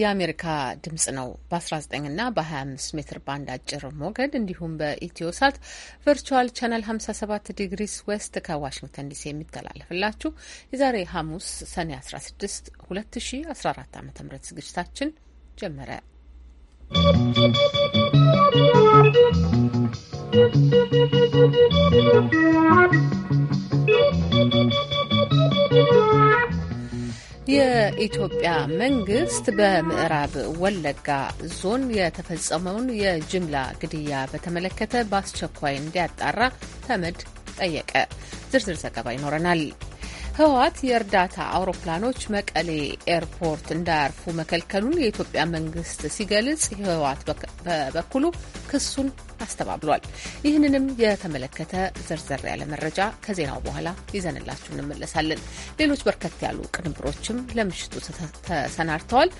የአሜሪካ ድምጽ ነው። በ19 እና በ25 ሜትር ባንድ አጭር ሞገድ እንዲሁም በኢትዮ ሳት ቨርቹዋል ቻናል 57 ዲግሪስ ዌስት ከዋሽንግተን ዲሲ የሚተላለፍላችሁ የዛሬ ሐሙስ ሰኔ 16 2014 ዓ ም ዝግጅታችን ጀመረ። ¶¶ የኢትዮጵያ መንግስት በምዕራብ ወለጋ ዞን የተፈጸመውን የጅምላ ግድያ በተመለከተ በአስቸኳይ እንዲያጣራ ተመድ ጠየቀ። ዝርዝር ዘገባ ይኖረናል። ህወሓት የእርዳታ አውሮፕላኖች መቀሌ ኤርፖርት እንዳያርፉ መከልከሉን የኢትዮጵያ መንግስት ሲገልጽ፣ ህወሓት በበኩሉ ክሱን አስተባብሏል። ይህንንም የተመለከተ ዝርዝር ያለ መረጃ ከዜናው በኋላ ይዘንላችሁ እንመለሳለን። ሌሎች በርከት ያሉ ቅንብሮችም ለምሽቱ ተሰናድተዋል።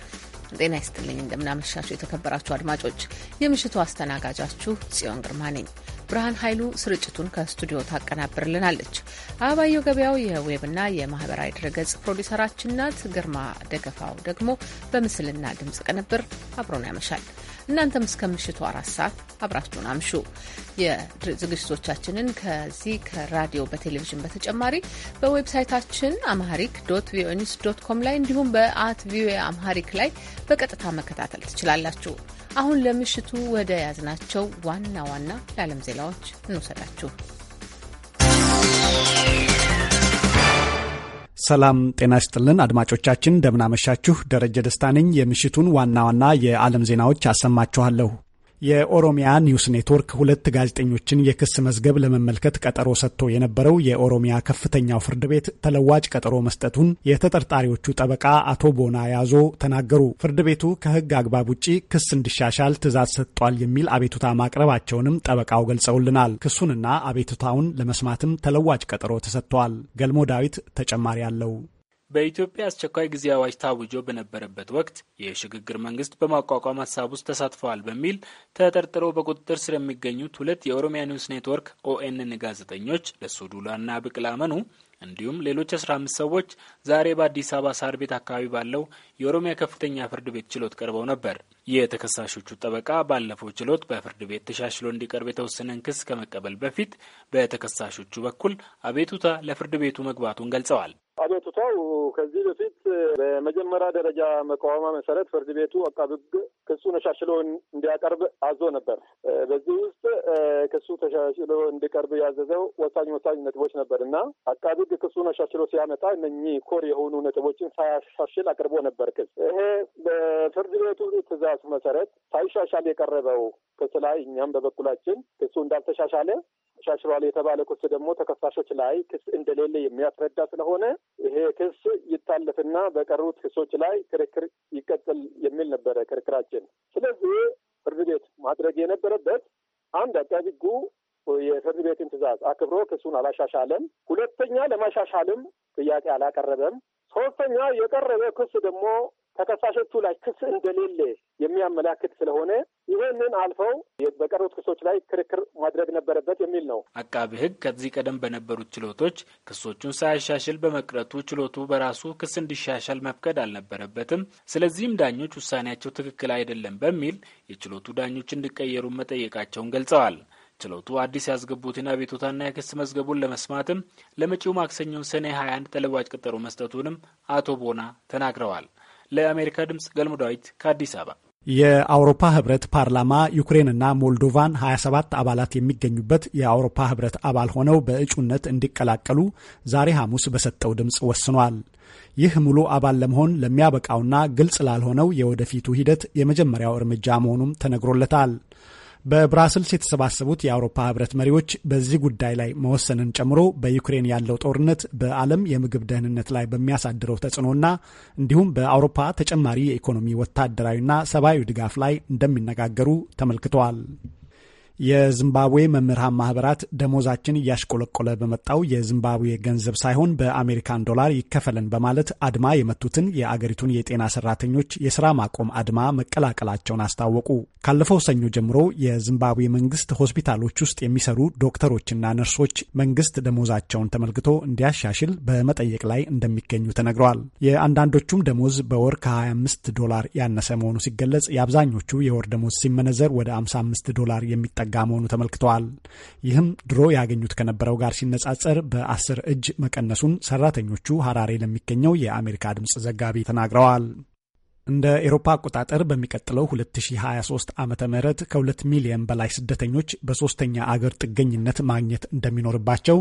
ጤና ይስጥልኝ። እንደምናመሻችሁ የተከበራችሁ አድማጮች፣ የምሽቱ አስተናጋጃችሁ ጽዮን ግርማ ነኝ። ብርሃን ኃይሉ ስርጭቱን ከስቱዲዮ ታቀናብርልናለች። አበባየው ገበያው የዌብና የማህበራዊ ድረገጽ ፕሮዲሰራችን ናት። ግርማ ደገፋው ደግሞ በምስልና ድምጽ ቅንብር አብሮን ያመሻል። እናንተም እስከ ምሽቱ አራት ሰዓት አብራችሁን አምሹ። የዝግጅቶቻችንን ከዚህ ከራዲዮ በቴሌቪዥን በተጨማሪ በዌብሳይታችን አምሃሪክ ዶት ቪኦኤ ኒውስ ዶት ኮም ላይ እንዲሁም በአት ቪኦኤ አምሃሪክ ላይ በቀጥታ መከታተል ትችላላችሁ። አሁን ለምሽቱ ወደ ያዝናቸው ዋና ዋና የዓለም ዜናዎች እንውሰዳችሁ። ሰላም ጤና ይስጥልን አድማጮቻችን፣ እንደምናመሻችሁ። ደረጀ ደስታ ነኝ። የምሽቱን ዋና ዋና የዓለም ዜናዎች አሰማችኋለሁ። የኦሮሚያ ኒውስ ኔትወርክ ሁለት ጋዜጠኞችን የክስ መዝገብ ለመመልከት ቀጠሮ ሰጥቶ የነበረው የኦሮሚያ ከፍተኛው ፍርድ ቤት ተለዋጭ ቀጠሮ መስጠቱን የተጠርጣሪዎቹ ጠበቃ አቶ ቦና ያዞ ተናገሩ። ፍርድ ቤቱ ከሕግ አግባብ ውጪ ክስ እንዲሻሻል ትዕዛዝ ሰጥቷል የሚል አቤቱታ ማቅረባቸውንም ጠበቃው ገልጸውልናል። ክሱንና አቤቱታውን ለመስማትም ተለዋጭ ቀጠሮ ተሰጥቷል። ገልሞ ዳዊት ተጨማሪ አለው። በኢትዮጵያ አስቸኳይ ጊዜ አዋጅ ታውጆ በነበረበት ወቅት የሽግግር መንግስት በማቋቋም ሀሳብ ውስጥ ተሳትፈዋል በሚል ተጠርጥረው በቁጥጥር ስር የሚገኙት ሁለት የኦሮሚያ ኒውስ ኔትወርክ ኦኤንን ጋዜጠኞች ደሱ ዱላና እንዲሁም ሌሎች አስራ አምስት ሰዎች ዛሬ በአዲስ አበባ ሳር ቤት አካባቢ ባለው የኦሮሚያ ከፍተኛ ፍርድ ቤት ችሎት ቀርበው ነበር። የተከሳሾቹ ጠበቃ ባለፈው ችሎት በፍርድ ቤት ተሻሽሎ እንዲቀርብ የተወሰነን ክስ ከመቀበል በፊት በተከሳሾቹ በኩል አቤቱታ ለፍርድ ቤቱ መግባቱን ገልጸዋል። አቤቱታው ከዚህ በፊት በመጀመሪያ ደረጃ መቃወማ መሰረት ፍርድ ቤቱ አቃቤ ሕግ ክሱን ተሻሽሎ እንዲያቀርብ አዞ ነበር። በዚህ ውስጥ ክሱ ተሻሽሎ እንዲቀርብ ያዘዘው ወሳኝ ወሳኝ ነጥቦች ነበር እና አቃቤ ሕግ ክሱን ተሻሽሎ ሲያመጣ እነኚህ ኮር የሆኑ ነጥቦችን ሳያሻሽል አቅርቦ ነበር። ክስ ይሄ በፍርድ ቤቱ ትዕዛዝ መሰረት ሳይሻሻል የቀረበው ክስ ላይ እኛም በበኩላችን ክሱ እንዳልተሻሻለ ተሻሽሏል የተባለ ክስ ደግሞ ተከሳሾች ላይ ክስ እንደሌለ የሚያስረዳ ስለሆነ ይሄ ክስ ይታለፍና በቀሩት ክሶች ላይ ክርክር ይቀጥል የሚል ነበረ ክርክራችን። ስለዚህ ፍርድ ቤት ማድረግ የነበረበት አንድ አቃቢ ሕጉ የፍርድ ቤትን ትዕዛዝ አክብሮ ክሱን አላሻሻለም፣ ሁለተኛ ለማሻሻልም ጥያቄ አላቀረበም፣ ሶስተኛ የቀረበ ክስ ደግሞ ተከሳሾቹ ላይ ክስ እንደሌለ የሚያመላክት ስለሆነ ይህንን አልፈው በቀሩት ክሶች ላይ ክርክር ማድረግ ነበረበት የሚል ነው። አቃቢ ሕግ ከዚህ ቀደም በነበሩት ችሎቶች ክሶቹን ሳያሻሽል በመቅረቱ ችሎቱ በራሱ ክስ እንዲሻሻል መፍቀድ አልነበረበትም። ስለዚህም ዳኞች ውሳኔያቸው ትክክል አይደለም በሚል የችሎቱ ዳኞች እንዲቀየሩ መጠየቃቸውን ገልጸዋል። ችሎቱ አዲስ ያስገቡትን አቤቱታና የክስ መዝገቡን ለመስማትም ለመጪው ማክሰኞ ሰኔ 21 ተለዋጭ ቀጠሮ መስጠቱንም አቶ ቦና ተናግረዋል። ለአሜሪካ ድምፅ ገልሙ ዳዊት ከአዲስ አበባ። የአውሮፓ ህብረት ፓርላማ ዩክሬንና ሞልዶቫን 27 አባላት የሚገኙበት የአውሮፓ ህብረት አባል ሆነው በእጩነት እንዲቀላቀሉ ዛሬ ሐሙስ በሰጠው ድምፅ ወስኗል። ይህ ሙሉ አባል ለመሆን ለሚያበቃውና ግልጽ ላልሆነው የወደፊቱ ሂደት የመጀመሪያው እርምጃ መሆኑም ተነግሮለታል። በብራስልስ የተሰባሰቡት የአውሮፓ ህብረት መሪዎች በዚህ ጉዳይ ላይ መወሰንን ጨምሮ በዩክሬን ያለው ጦርነት በዓለም የምግብ ደህንነት ላይ በሚያሳድረው ተጽዕኖና እንዲሁም በአውሮፓ ተጨማሪ የኢኮኖሚ ወታደራዊና ሰብአዊ ድጋፍ ላይ እንደሚነጋገሩ ተመልክተዋል። የዚምባብዌ መምህራን ማህበራት ደሞዛችን እያሽቆለቆለ በመጣው የዚምባብዌ ገንዘብ ሳይሆን በአሜሪካን ዶላር ይከፈለን በማለት አድማ የመቱትን የአገሪቱን የጤና ሰራተኞች የስራ ማቆም አድማ መቀላቀላቸውን አስታወቁ። ካለፈው ሰኞ ጀምሮ የዚምባብዌ መንግስት ሆስፒታሎች ውስጥ የሚሰሩ ዶክተሮችና ነርሶች መንግስት ደሞዛቸውን ተመልክቶ እንዲያሻሽል በመጠየቅ ላይ እንደሚገኙ ተነግረዋል። የአንዳንዶቹም ደሞዝ በወር ከ25 ዶላር ያነሰ መሆኑ ሲገለጽ፣ የአብዛኞቹ የወር ደሞዝ ሲመነዘር ወደ 55 ዶላር የሚጠ የተጠጋ መሆኑ ተመልክተዋል። ይህም ድሮ ያገኙት ከነበረው ጋር ሲነጻጸር በአስር እጅ መቀነሱን ሰራተኞቹ ሐራሬ ለሚገኘው የአሜሪካ ድምፅ ዘጋቢ ተናግረዋል። እንደ ኤሮፓ አቆጣጠር በሚቀጥለው 2023 ዓ ም ከ2 ሚሊየን በላይ ስደተኞች በሶስተኛ አገር ጥገኝነት ማግኘት እንደሚኖርባቸው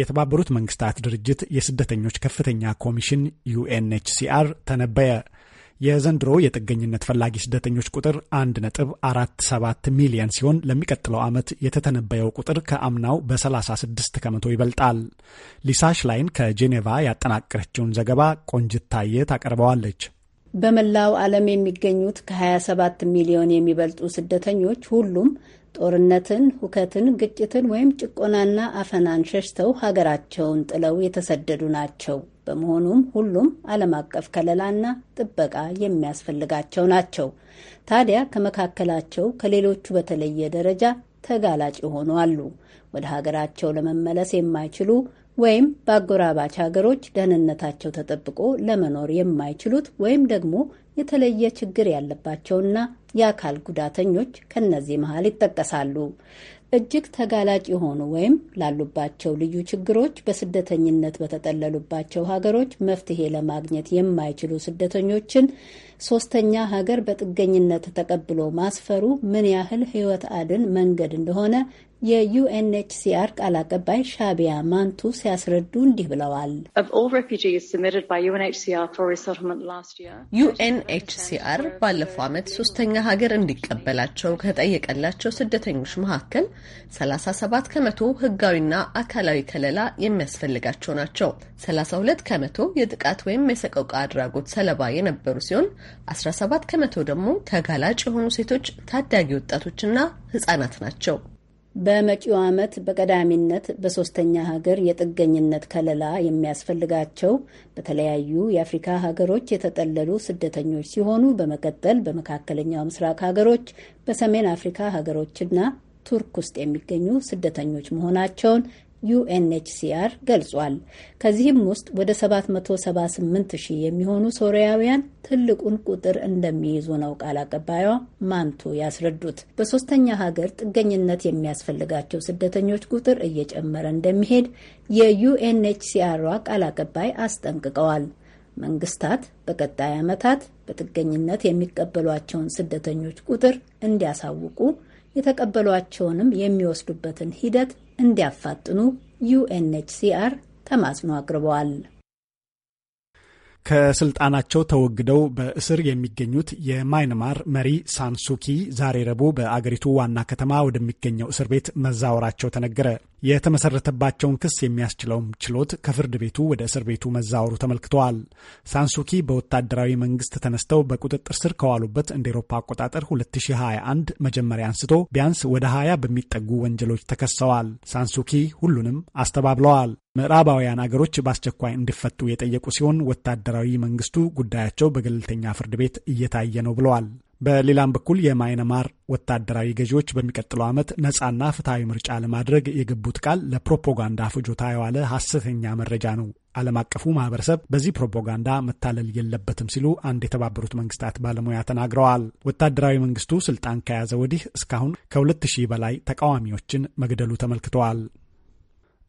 የተባበሩት መንግስታት ድርጅት የስደተኞች ከፍተኛ ኮሚሽን ዩኤንኤችሲአር ተነበየ። የዘንድሮ የጥገኝነት ፈላጊ ስደተኞች ቁጥር 1.47 ሚሊዮን ሲሆን ለሚቀጥለው ዓመት የተተነበየው ቁጥር ከአምናው በ36 ከመቶ ይበልጣል። ሊሳሽ ላይን ከጄኔቫ ያጠናቀረችውን ዘገባ ቆንጅታየ ታቀርበዋለች። በመላው ዓለም የሚገኙት ከ27 ሚሊዮን የሚበልጡ ስደተኞች ሁሉም ጦርነትን፣ ሁከትን፣ ግጭትን ወይም ጭቆናና አፈናን ሸሽተው ሀገራቸውን ጥለው የተሰደዱ ናቸው። በመሆኑም ሁሉም ዓለም አቀፍ ከለላና ጥበቃ የሚያስፈልጋቸው ናቸው። ታዲያ ከመካከላቸው ከሌሎቹ በተለየ ደረጃ ተጋላጭ የሆኑ አሉ። ወደ ሀገራቸው ለመመለስ የማይችሉ ወይም በአጎራባች ሀገሮች ደህንነታቸው ተጠብቆ ለመኖር የማይችሉት ወይም ደግሞ የተለየ ችግር ያለባቸውና የአካል ጉዳተኞች ከነዚህ መሀል ይጠቀሳሉ። እጅግ ተጋላጭ የሆኑ ወይም ላሉባቸው ልዩ ችግሮች በስደተኝነት በተጠለሉባቸው ሀገሮች መፍትሄ ለማግኘት የማይችሉ ስደተኞችን ሶስተኛ ሀገር በጥገኝነት ተቀብሎ ማስፈሩ ምን ያህል ሕይወት አድን መንገድ እንደሆነ የዩኤንኤችሲአር ቃል አቀባይ ሻቢያ ማንቱ ሲያስረዱ እንዲህ ብለዋል። ዩኤንኤችሲአር ባለፈው ዓመት ሶስተኛ ሀገር እንዲቀበላቸው ከጠየቀላቸው ስደተኞች መካከል 37 ከመቶ ህጋዊና አካላዊ ከለላ የሚያስፈልጋቸው ናቸው። 32 ከመቶ የጥቃት ወይም የሰቆቃ አድራጎት ሰለባ የነበሩ ሲሆን 17 ከመቶ ደግሞ ተጋላጭ የሆኑ ሴቶች፣ ታዳጊ ወጣቶችና ህጻናት ናቸው። በመጪው ዓመት በቀዳሚነት በሶስተኛ ሀገር የጥገኝነት ከለላ የሚያስፈልጋቸው በተለያዩ የአፍሪካ ሀገሮች የተጠለሉ ስደተኞች ሲሆኑ በመቀጠል በመካከለኛው ምስራቅ ሀገሮች፣ በሰሜን አፍሪካ ሀገሮችና ቱርክ ውስጥ የሚገኙ ስደተኞች መሆናቸውን ዩኤንኤችሲአር ገልጿል። ከዚህም ውስጥ ወደ 778 ሺህ የሚሆኑ ሶሪያውያን ትልቁን ቁጥር እንደሚይዙ ነው ቃል አቀባዩ ማንቱ ያስረዱት። በሶስተኛ ሀገር ጥገኝነት የሚያስፈልጋቸው ስደተኞች ቁጥር እየጨመረ እንደሚሄድ የዩኤንኤችሲአሯ ቃል አቀባይ አስጠንቅቀዋል። መንግስታት በቀጣይ ዓመታት በጥገኝነት የሚቀበሏቸውን ስደተኞች ቁጥር እንዲያሳውቁ የተቀበሏቸውንም የሚወስዱበትን ሂደት እንዲያፋጥኑ ዩኤንኤችሲአር ተማጽኖ አቅርበዋል። ከስልጣናቸው ተወግደው በእስር የሚገኙት የማይንማር መሪ ሳንሱኪ ዛሬ ረቡዕ በአገሪቱ ዋና ከተማ ወደሚገኘው እስር ቤት መዛወራቸው ተነገረ። የተመሰረተባቸውን ክስ የሚያስችለውም ችሎት ከፍርድ ቤቱ ወደ እስር ቤቱ መዛወሩ ተመልክተዋል። ሳንሱኪ በወታደራዊ መንግስት ተነስተው በቁጥጥር ስር ከዋሉበት እንደ ኤሮፓ አቆጣጠር 2021 መጀመሪያ አንስቶ ቢያንስ ወደ 20 በሚጠጉ ወንጀሎች ተከሰዋል። ሳንሱኪ ሁሉንም አስተባብለዋል። ምዕራባውያን አገሮች በአስቸኳይ እንዲፈቱ የጠየቁ ሲሆን ወታደራዊ መንግስቱ ጉዳያቸው በገለልተኛ ፍርድ ቤት እየታየ ነው ብለዋል። በሌላም በኩል የማይነማር ወታደራዊ ገዢዎች በሚቀጥለው ዓመት ነፃና ፍትሐዊ ምርጫ ለማድረግ የገቡት ቃል ለፕሮፓጋንዳ ፍጆታ የዋለ ሐሰተኛ መረጃ ነው፣ ዓለም አቀፉ ማህበረሰብ በዚህ ፕሮፓጋንዳ መታለል የለበትም ሲሉ አንድ የተባበሩት መንግስታት ባለሙያ ተናግረዋል። ወታደራዊ መንግስቱ ስልጣን ከያዘ ወዲህ እስካሁን ከሁለት ሺህ በላይ ተቃዋሚዎችን መግደሉ ተመልክተዋል።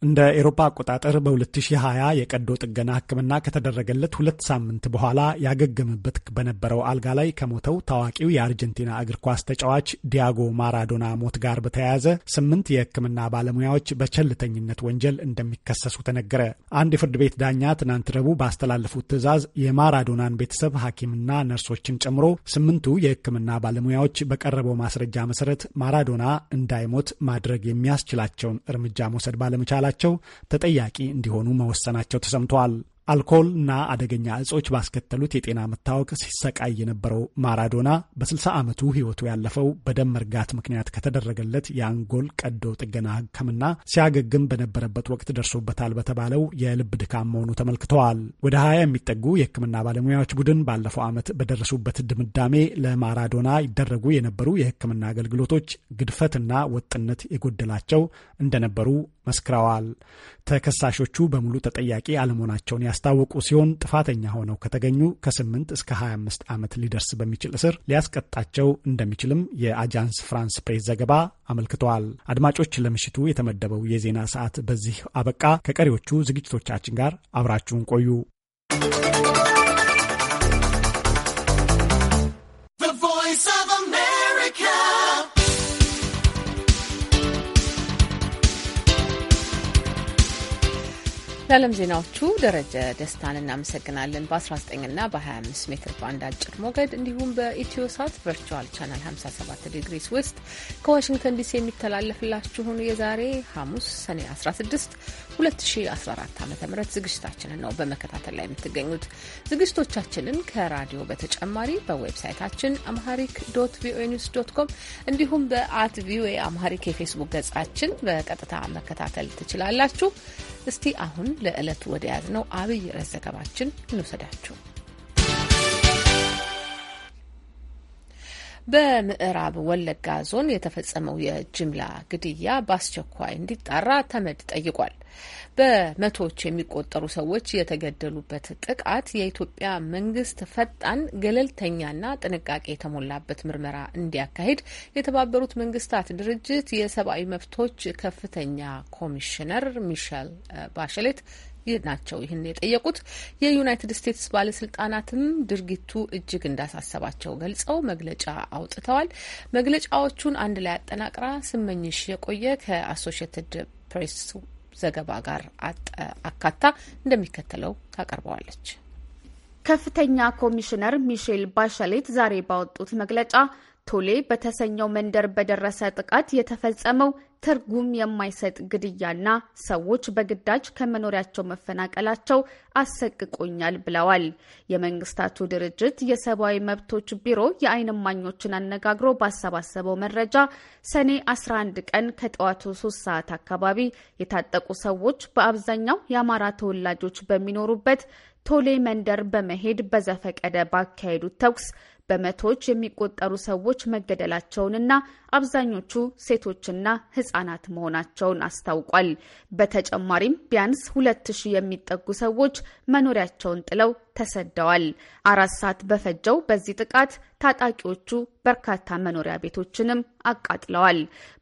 እንደ ኤሮፓ አቆጣጠር በ2020 የቀዶ ጥገና ሕክምና ከተደረገለት ሁለት ሳምንት በኋላ ያገገመበት በነበረው አልጋ ላይ ከሞተው ታዋቂው የአርጀንቲና እግር ኳስ ተጫዋች ዲያጎ ማራዶና ሞት ጋር በተያያዘ ስምንት የሕክምና ባለሙያዎች በቸልተኝነት ወንጀል እንደሚከሰሱ ተነገረ። አንድ የፍርድ ቤት ዳኛ ትናንት ረቡዕ ባስተላለፉት ትዕዛዝ የማራዶናን ቤተሰብ ሐኪምና ነርሶችን ጨምሮ ስምንቱ የሕክምና ባለሙያዎች በቀረበው ማስረጃ መሰረት ማራዶና እንዳይሞት ማድረግ የሚያስችላቸውን እርምጃ መውሰድ ባለመቻላቸው በመውሰዳቸው ተጠያቂ እንዲሆኑ መወሰናቸው ተሰምተዋል። አልኮልና አደገኛ እጾች ባስከተሉት የጤና መታወቅ ሲሰቃይ የነበረው ማራዶና በ60 ዓመቱ ሕይወቱ ያለፈው በደም መርጋት ምክንያት ከተደረገለት የአንጎል ቀዶ ጥገና ሕክምና ሲያገግም በነበረበት ወቅት ደርሶበታል በተባለው የልብ ድካም መሆኑ ተመልክተዋል። ወደ ሀያ የሚጠጉ የሕክምና ባለሙያዎች ቡድን ባለፈው ዓመት በደረሱበት ድምዳሜ ለማራዶና ይደረጉ የነበሩ የሕክምና አገልግሎቶች ግድፈትና ወጥነት የጎደላቸው እንደነበሩ መስክረዋል። ተከሳሾቹ በሙሉ ተጠያቂ አለመሆናቸውን ያስታወቁ ሲሆን ጥፋተኛ ሆነው ከተገኙ ከ8 እስከ 25 ዓመት ሊደርስ በሚችል እስር ሊያስቀጣቸው እንደሚችልም የአጃንስ ፍራንስ ፕሬስ ዘገባ አመልክተዋል። አድማጮች፣ ለምሽቱ የተመደበው የዜና ሰዓት በዚህ አበቃ። ከቀሪዎቹ ዝግጅቶቻችን ጋር አብራችሁን ቆዩ። ለዓለም ዜናዎቹ ደረጀ ደስታን እናመሰግናለን። በ19ና በ25 ሜትር ባንድ አጭር ሞገድ እንዲሁም በኢትዮ ሳት ቨርቹዋል ቻናል 57 ዲግሪስ ውስጥ ከዋሽንግተን ዲሲ የሚተላለፍላችሁን የዛሬ ሐሙስ ሰኔ 16 2014 ዓ ም ዝግጅታችንን ነው በመከታተል ላይ የምትገኙት። ዝግጅቶቻችንን ከራዲዮ በተጨማሪ በዌብሳይታችን አምሃሪክ ዶት ቪኦኤ ኒውስ ዶት ኮም እንዲሁም በአት ቪኦኤ አምሃሪክ የፌስቡክ ገጻችን በቀጥታ መከታተል ትችላላችሁ። እስቲ አሁን ለዕለቱ ወደ ያዝነው ነው አብይ ርዕስ ዘገባችን እንውሰዳችሁ። በምዕራብ ወለጋ ዞን የተፈጸመው የጅምላ ግድያ በአስቸኳይ እንዲጣራ ተመድ ጠይቋል። በመቶዎች የሚቆጠሩ ሰዎች የተገደሉበት ጥቃት የኢትዮጵያ መንግስት ፈጣን ገለልተኛና ጥንቃቄ የተሞላበት ምርመራ እንዲያካሂድ የተባበሩት መንግስታት ድርጅት የሰብአዊ መብቶች ከፍተኛ ኮሚሽነር ሚሸል ባሸሌት ናቸው ይህን የጠየቁት። የዩናይትድ ስቴትስ ባለስልጣናትም ድርጊቱ እጅግ እንዳሳሰባቸው ገልጸው መግለጫ አውጥተዋል። መግለጫዎቹን አንድ ላይ አጠናቅራ ስመኝሽ የቆየ ከአሶሽየትድ ፕሬስ ዘገባ ጋር አካታ እንደሚከተለው ታቀርበዋለች። ከፍተኛ ኮሚሽነር ሚሼል ባሸሌት ዛሬ ባወጡት መግለጫ ቶሌ በተሰኘው መንደር በደረሰ ጥቃት የተፈጸመው ትርጉም የማይሰጥ ግድያና ሰዎች በግዳጅ ከመኖሪያቸው መፈናቀላቸው አሰቅቆኛል ብለዋል። የመንግስታቱ ድርጅት የሰብአዊ መብቶች ቢሮ የአይን እማኞችን አነጋግሮ ባሰባሰበው መረጃ ሰኔ 11 ቀን ከጠዋቱ 3 ሰዓት አካባቢ የታጠቁ ሰዎች በአብዛኛው የአማራ ተወላጆች በሚኖሩበት ቶሌ መንደር በመሄድ በዘፈቀደ ባካሄዱት ተኩስ በመቶዎች የሚቆጠሩ ሰዎች መገደላቸውንና አብዛኞቹ ሴቶችና ህጻናት መሆናቸውን አስታውቋል። በተጨማሪም ቢያንስ ሁለት ሺህ የሚጠጉ ሰዎች መኖሪያቸውን ጥለው ተሰደዋል። አራት ሰዓት በፈጀው በዚህ ጥቃት ታጣቂዎቹ በርካታ መኖሪያ ቤቶችንም አቃጥለዋል።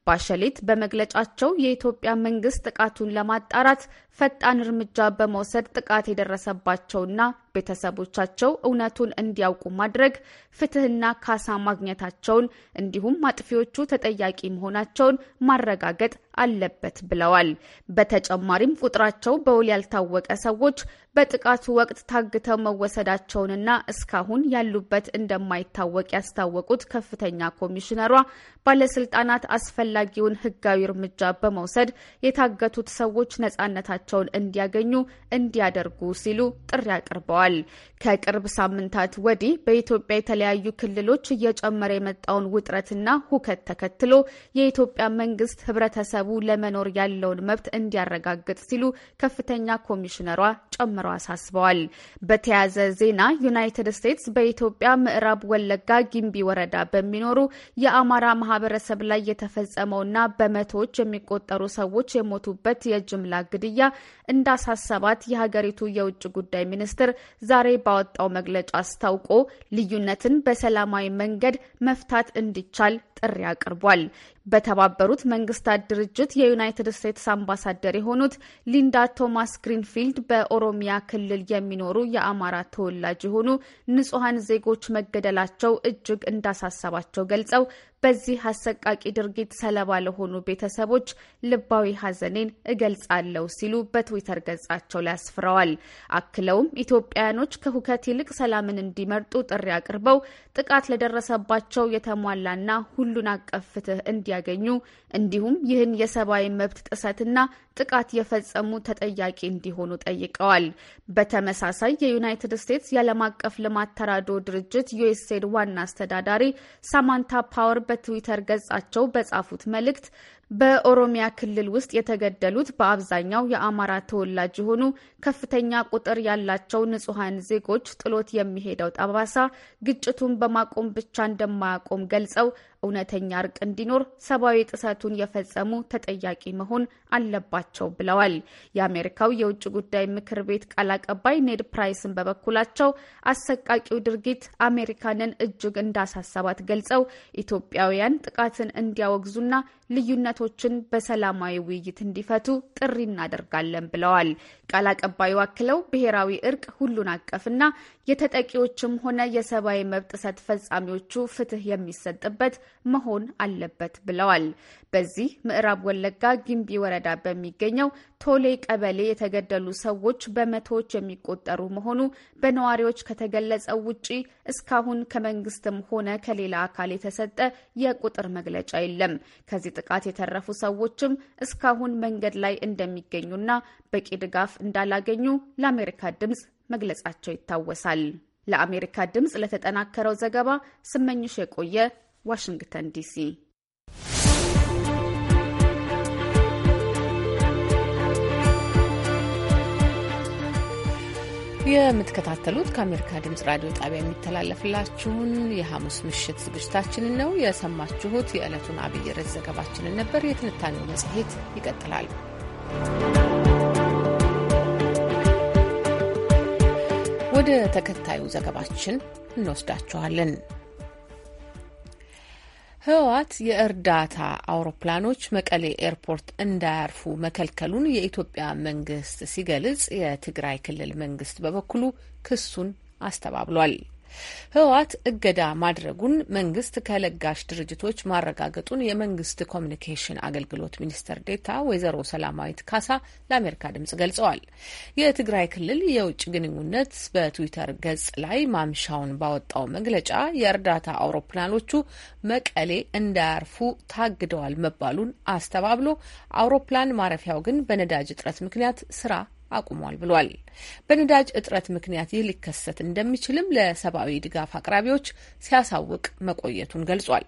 ባሸሌት በመግለጫቸው የኢትዮጵያ መንግስት ጥቃቱን ለማጣራት ፈጣን እርምጃ በመውሰድ ጥቃት የደረሰባቸውና ቤተሰቦቻቸው እውነቱን እንዲያውቁ ማድረግ፣ ፍትህና ካሳ ማግኘታቸውን እንዲሁም አጥፊዎቹ ተጠያቂ መሆናቸውን ማረጋገጥ አለበት ብለዋል። በተጨማሪም ቁጥራቸው በውል ያልታወቀ ሰዎች በጥቃቱ ወቅት ታግተው መወሰዳቸውንና እስካሁን ያሉበት እንደማይታወቅ ያስታወቁት ከፍተኛ ኮሚሽነሯ ባለስልጣናት አስፈላጊውን ሕጋዊ እርምጃ በመውሰድ የታገቱት ሰዎች ነጻነታቸውን እንዲያገኙ እንዲያደርጉ ሲሉ ጥሪ አቅርበዋል። ከቅርብ ሳምንታት ወዲህ በኢትዮጵያ የተለያዩ ክልሎች እየጨመረ የመጣውን ውጥረትና ሁከት ተከትሎ የኢትዮጵያ መንግስት ህብረተሰቡ ህብረተሰቡ ለመኖር ያለውን መብት እንዲያረጋግጥ ሲሉ ከፍተኛ ኮሚሽነሯ ጨምረው አሳስበዋል። በተያያዘ ዜና ዩናይትድ ስቴትስ በኢትዮጵያ ምዕራብ ወለጋ ጊምቢ ወረዳ በሚኖሩ የአማራ ማህበረሰብ ላይ የተፈጸመውና በመቶዎች የሚቆጠሩ ሰዎች የሞቱበት የጅምላ ግድያ እንዳሳሰባት የሀገሪቱ የውጭ ጉዳይ ሚኒስትር ዛሬ ባወጣው መግለጫ አስታውቆ ልዩነትን በሰላማዊ መንገድ መፍታት እንዲቻል ጥሪ አቅርቧል። በተባበሩት መንግስታት ድርጅት የዩናይትድ ስቴትስ አምባሳደር የሆኑት ሊንዳ ቶማስ ግሪንፊልድ በኦሮሚያ ክልል የሚኖሩ የአማራ ተወላጅ የሆኑ ንጹሐን ዜጎች መገደላቸው እጅግ እንዳሳሰባቸው ገልጸው በዚህ አሰቃቂ ድርጊት ሰለባ ለሆኑ ቤተሰቦች ልባዊ ሐዘኔን እገልጻለሁ ሲሉ በትዊተር ገጻቸው ላይ አስፍረዋል። አክለውም ኢትዮጵያውያኖች ከሁከት ይልቅ ሰላምን እንዲመርጡ ጥሪ አቅርበው ጥቃት ለደረሰባቸው የተሟላና ሁሉን አቀፍ ፍትህ እንዲያገኙ እንዲሁም ይህን የሰብአዊ መብት ጥሰትና ጥቃት የፈጸሙ ተጠያቂ እንዲሆኑ ጠይቀዋል። በተመሳሳይ የዩናይትድ ስቴትስ የዓለም አቀፍ ልማት ተራድኦ ድርጅት ዩኤስኤድ ዋና አስተዳዳሪ ሳማንታ ፓወር በትዊተር ገጻቸው በጻፉት መልእክት በኦሮሚያ ክልል ውስጥ የተገደሉት በአብዛኛው የአማራ ተወላጅ የሆኑ ከፍተኛ ቁጥር ያላቸው ንጹሐን ዜጎች ጥሎት የሚሄደው ጠባሳ ግጭቱን በማቆም ብቻ እንደማያቆም ገልጸው እውነተኛ እርቅ እንዲኖር ሰብአዊ ጥሰቱን የፈጸሙ ተጠያቂ መሆን አለባቸው ብለዋል። የአሜሪካው የውጭ ጉዳይ ምክር ቤት ቃል አቀባይ ኔድ ፕራይስን በበኩላቸው አሰቃቂው ድርጊት አሜሪካንን እጅግ እንዳሳሰባት ገልጸው ኢትዮጵያውያን ጥቃትን እንዲያወግዙና ልዩነቶችን በሰላማዊ ውይይት እንዲፈቱ ጥሪ እናደርጋለን ብለዋል። ቃል አቀባዩ አክለው ብሔራዊ እርቅ ሁሉን አቀፍና የተጠቂዎችም ሆነ የሰብአዊ መብት ጥሰት ፈጻሚዎቹ ፍትህ የሚሰጥበት መሆን አለበት ብለዋል። በዚህ ምዕራብ ወለጋ ጊምቢ ወረዳ በሚገኘው ቶሌ ቀበሌ የተገደሉ ሰዎች በመቶዎች የሚቆጠሩ መሆኑ በነዋሪዎች ከተገለጸው ውጪ እስካሁን ከመንግስትም ሆነ ከሌላ አካል የተሰጠ የቁጥር መግለጫ የለም። ከዚህ ጥቃት የተረፉ ሰዎችም እስካሁን መንገድ ላይ እንደሚገኙና በቂ ድጋፍ እንዳላገኙ ለአሜሪካ ድምፅ መግለጻቸው ይታወሳል። ለአሜሪካ ድምፅ ለተጠናከረው ዘገባ ስመኝሽ የቆየ ዋሽንግተን ዲሲ። የምትከታተሉት ከአሜሪካ ድምጽ ራዲዮ ጣቢያ የሚተላለፍላችሁን የሐሙስ ምሽት ዝግጅታችንን ነው። የሰማችሁት የዕለቱን አብይ ርዕስ ዘገባችንን ነበር። የትንታኔው መጽሔት ይቀጥላል። ወደ ተከታዩ ዘገባችን እንወስዳችኋለን። ህወሓት የእርዳታ አውሮፕላኖች መቀሌ ኤርፖርት እንዳያርፉ መከልከሉን የኢትዮጵያ መንግስት ሲገልጽ፣ የትግራይ ክልል መንግስት በበኩሉ ክሱን አስተባብሏል። ህወሓት እገዳ ማድረጉን መንግስት ከለጋሽ ድርጅቶች ማረጋገጡን የመንግስት ኮሚኒኬሽን አገልግሎት ሚኒስትር ዴታ ወይዘሮ ሰላማዊት ካሳ ለአሜሪካ ድምጽ ገልጸዋል። የትግራይ ክልል የውጭ ግንኙነት በትዊተር ገጽ ላይ ማምሻውን ባወጣው መግለጫ የእርዳታ አውሮፕላኖቹ መቀሌ እንዳያርፉ ታግደዋል መባሉን አስተባብሎ አውሮፕላን ማረፊያው ግን በነዳጅ እጥረት ምክንያት ስራ አቁሟል ብሏል። በነዳጅ እጥረት ምክንያት ይህ ሊከሰት እንደሚችልም ለሰብአዊ ድጋፍ አቅራቢዎች ሲያሳውቅ መቆየቱን ገልጿል።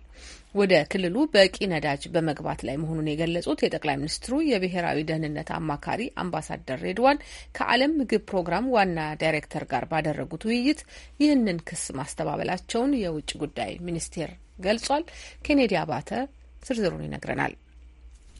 ወደ ክልሉ በቂ ነዳጅ በመግባት ላይ መሆኑን የገለጹት የጠቅላይ ሚኒስትሩ የብሔራዊ ደህንነት አማካሪ አምባሳደር ሬድዋን ከዓለም ምግብ ፕሮግራም ዋና ዳይሬክተር ጋር ባደረጉት ውይይት ይህንን ክስ ማስተባበላቸውን የውጭ ጉዳይ ሚኒስቴር ገልጿል። ኬኔዲ አባተ ዝርዝሩን ይነግረናል።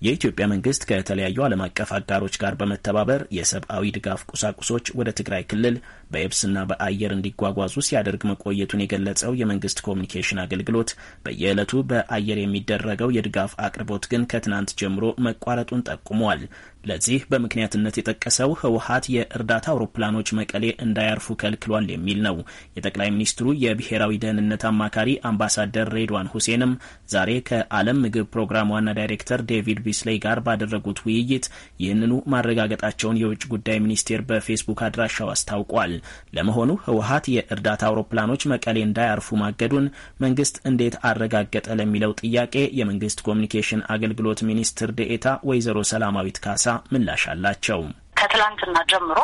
የኢትዮጵያ መንግስት ከተለያዩ ዓለም አቀፍ አጋሮች ጋር በመተባበር የሰብአዊ ድጋፍ ቁሳቁሶች ወደ ትግራይ ክልል በየብስና በአየር እንዲጓጓዙ ሲያደርግ መቆየቱን የገለጸው የመንግስት ኮሚኒኬሽን አገልግሎት በየዕለቱ በአየር የሚደረገው የድጋፍ አቅርቦት ግን ከትናንት ጀምሮ መቋረጡን ጠቁሟል። ለዚህ በምክንያትነት የጠቀሰው ህወሀት የእርዳታ አውሮፕላኖች መቀሌ እንዳያርፉ ከልክሏል የሚል ነው። የጠቅላይ ሚኒስትሩ የብሔራዊ ደህንነት አማካሪ አምባሳደር ሬድዋን ሁሴንም ዛሬ ከዓለም ምግብ ፕሮግራም ዋና ዳይሬክተር ዴቪድ ቢስሌይ ጋር ባደረጉት ውይይት ይህንኑ ማረጋገጣቸውን የውጭ ጉዳይ ሚኒስቴር በፌስቡክ አድራሻው አስታውቋል። ለመሆኑ ህወሀት የእርዳታ አውሮፕላኖች መቀሌ እንዳያርፉ ማገዱን መንግስት እንዴት አረጋገጠ ለሚለው ጥያቄ የመንግስት ኮሚኒኬሽን አገልግሎት ሚኒስትር ዴኤታ ወይዘሮ ሰላማዊት ካሳ ምላሽ አላቸው። ከትላንትና ጀምሮ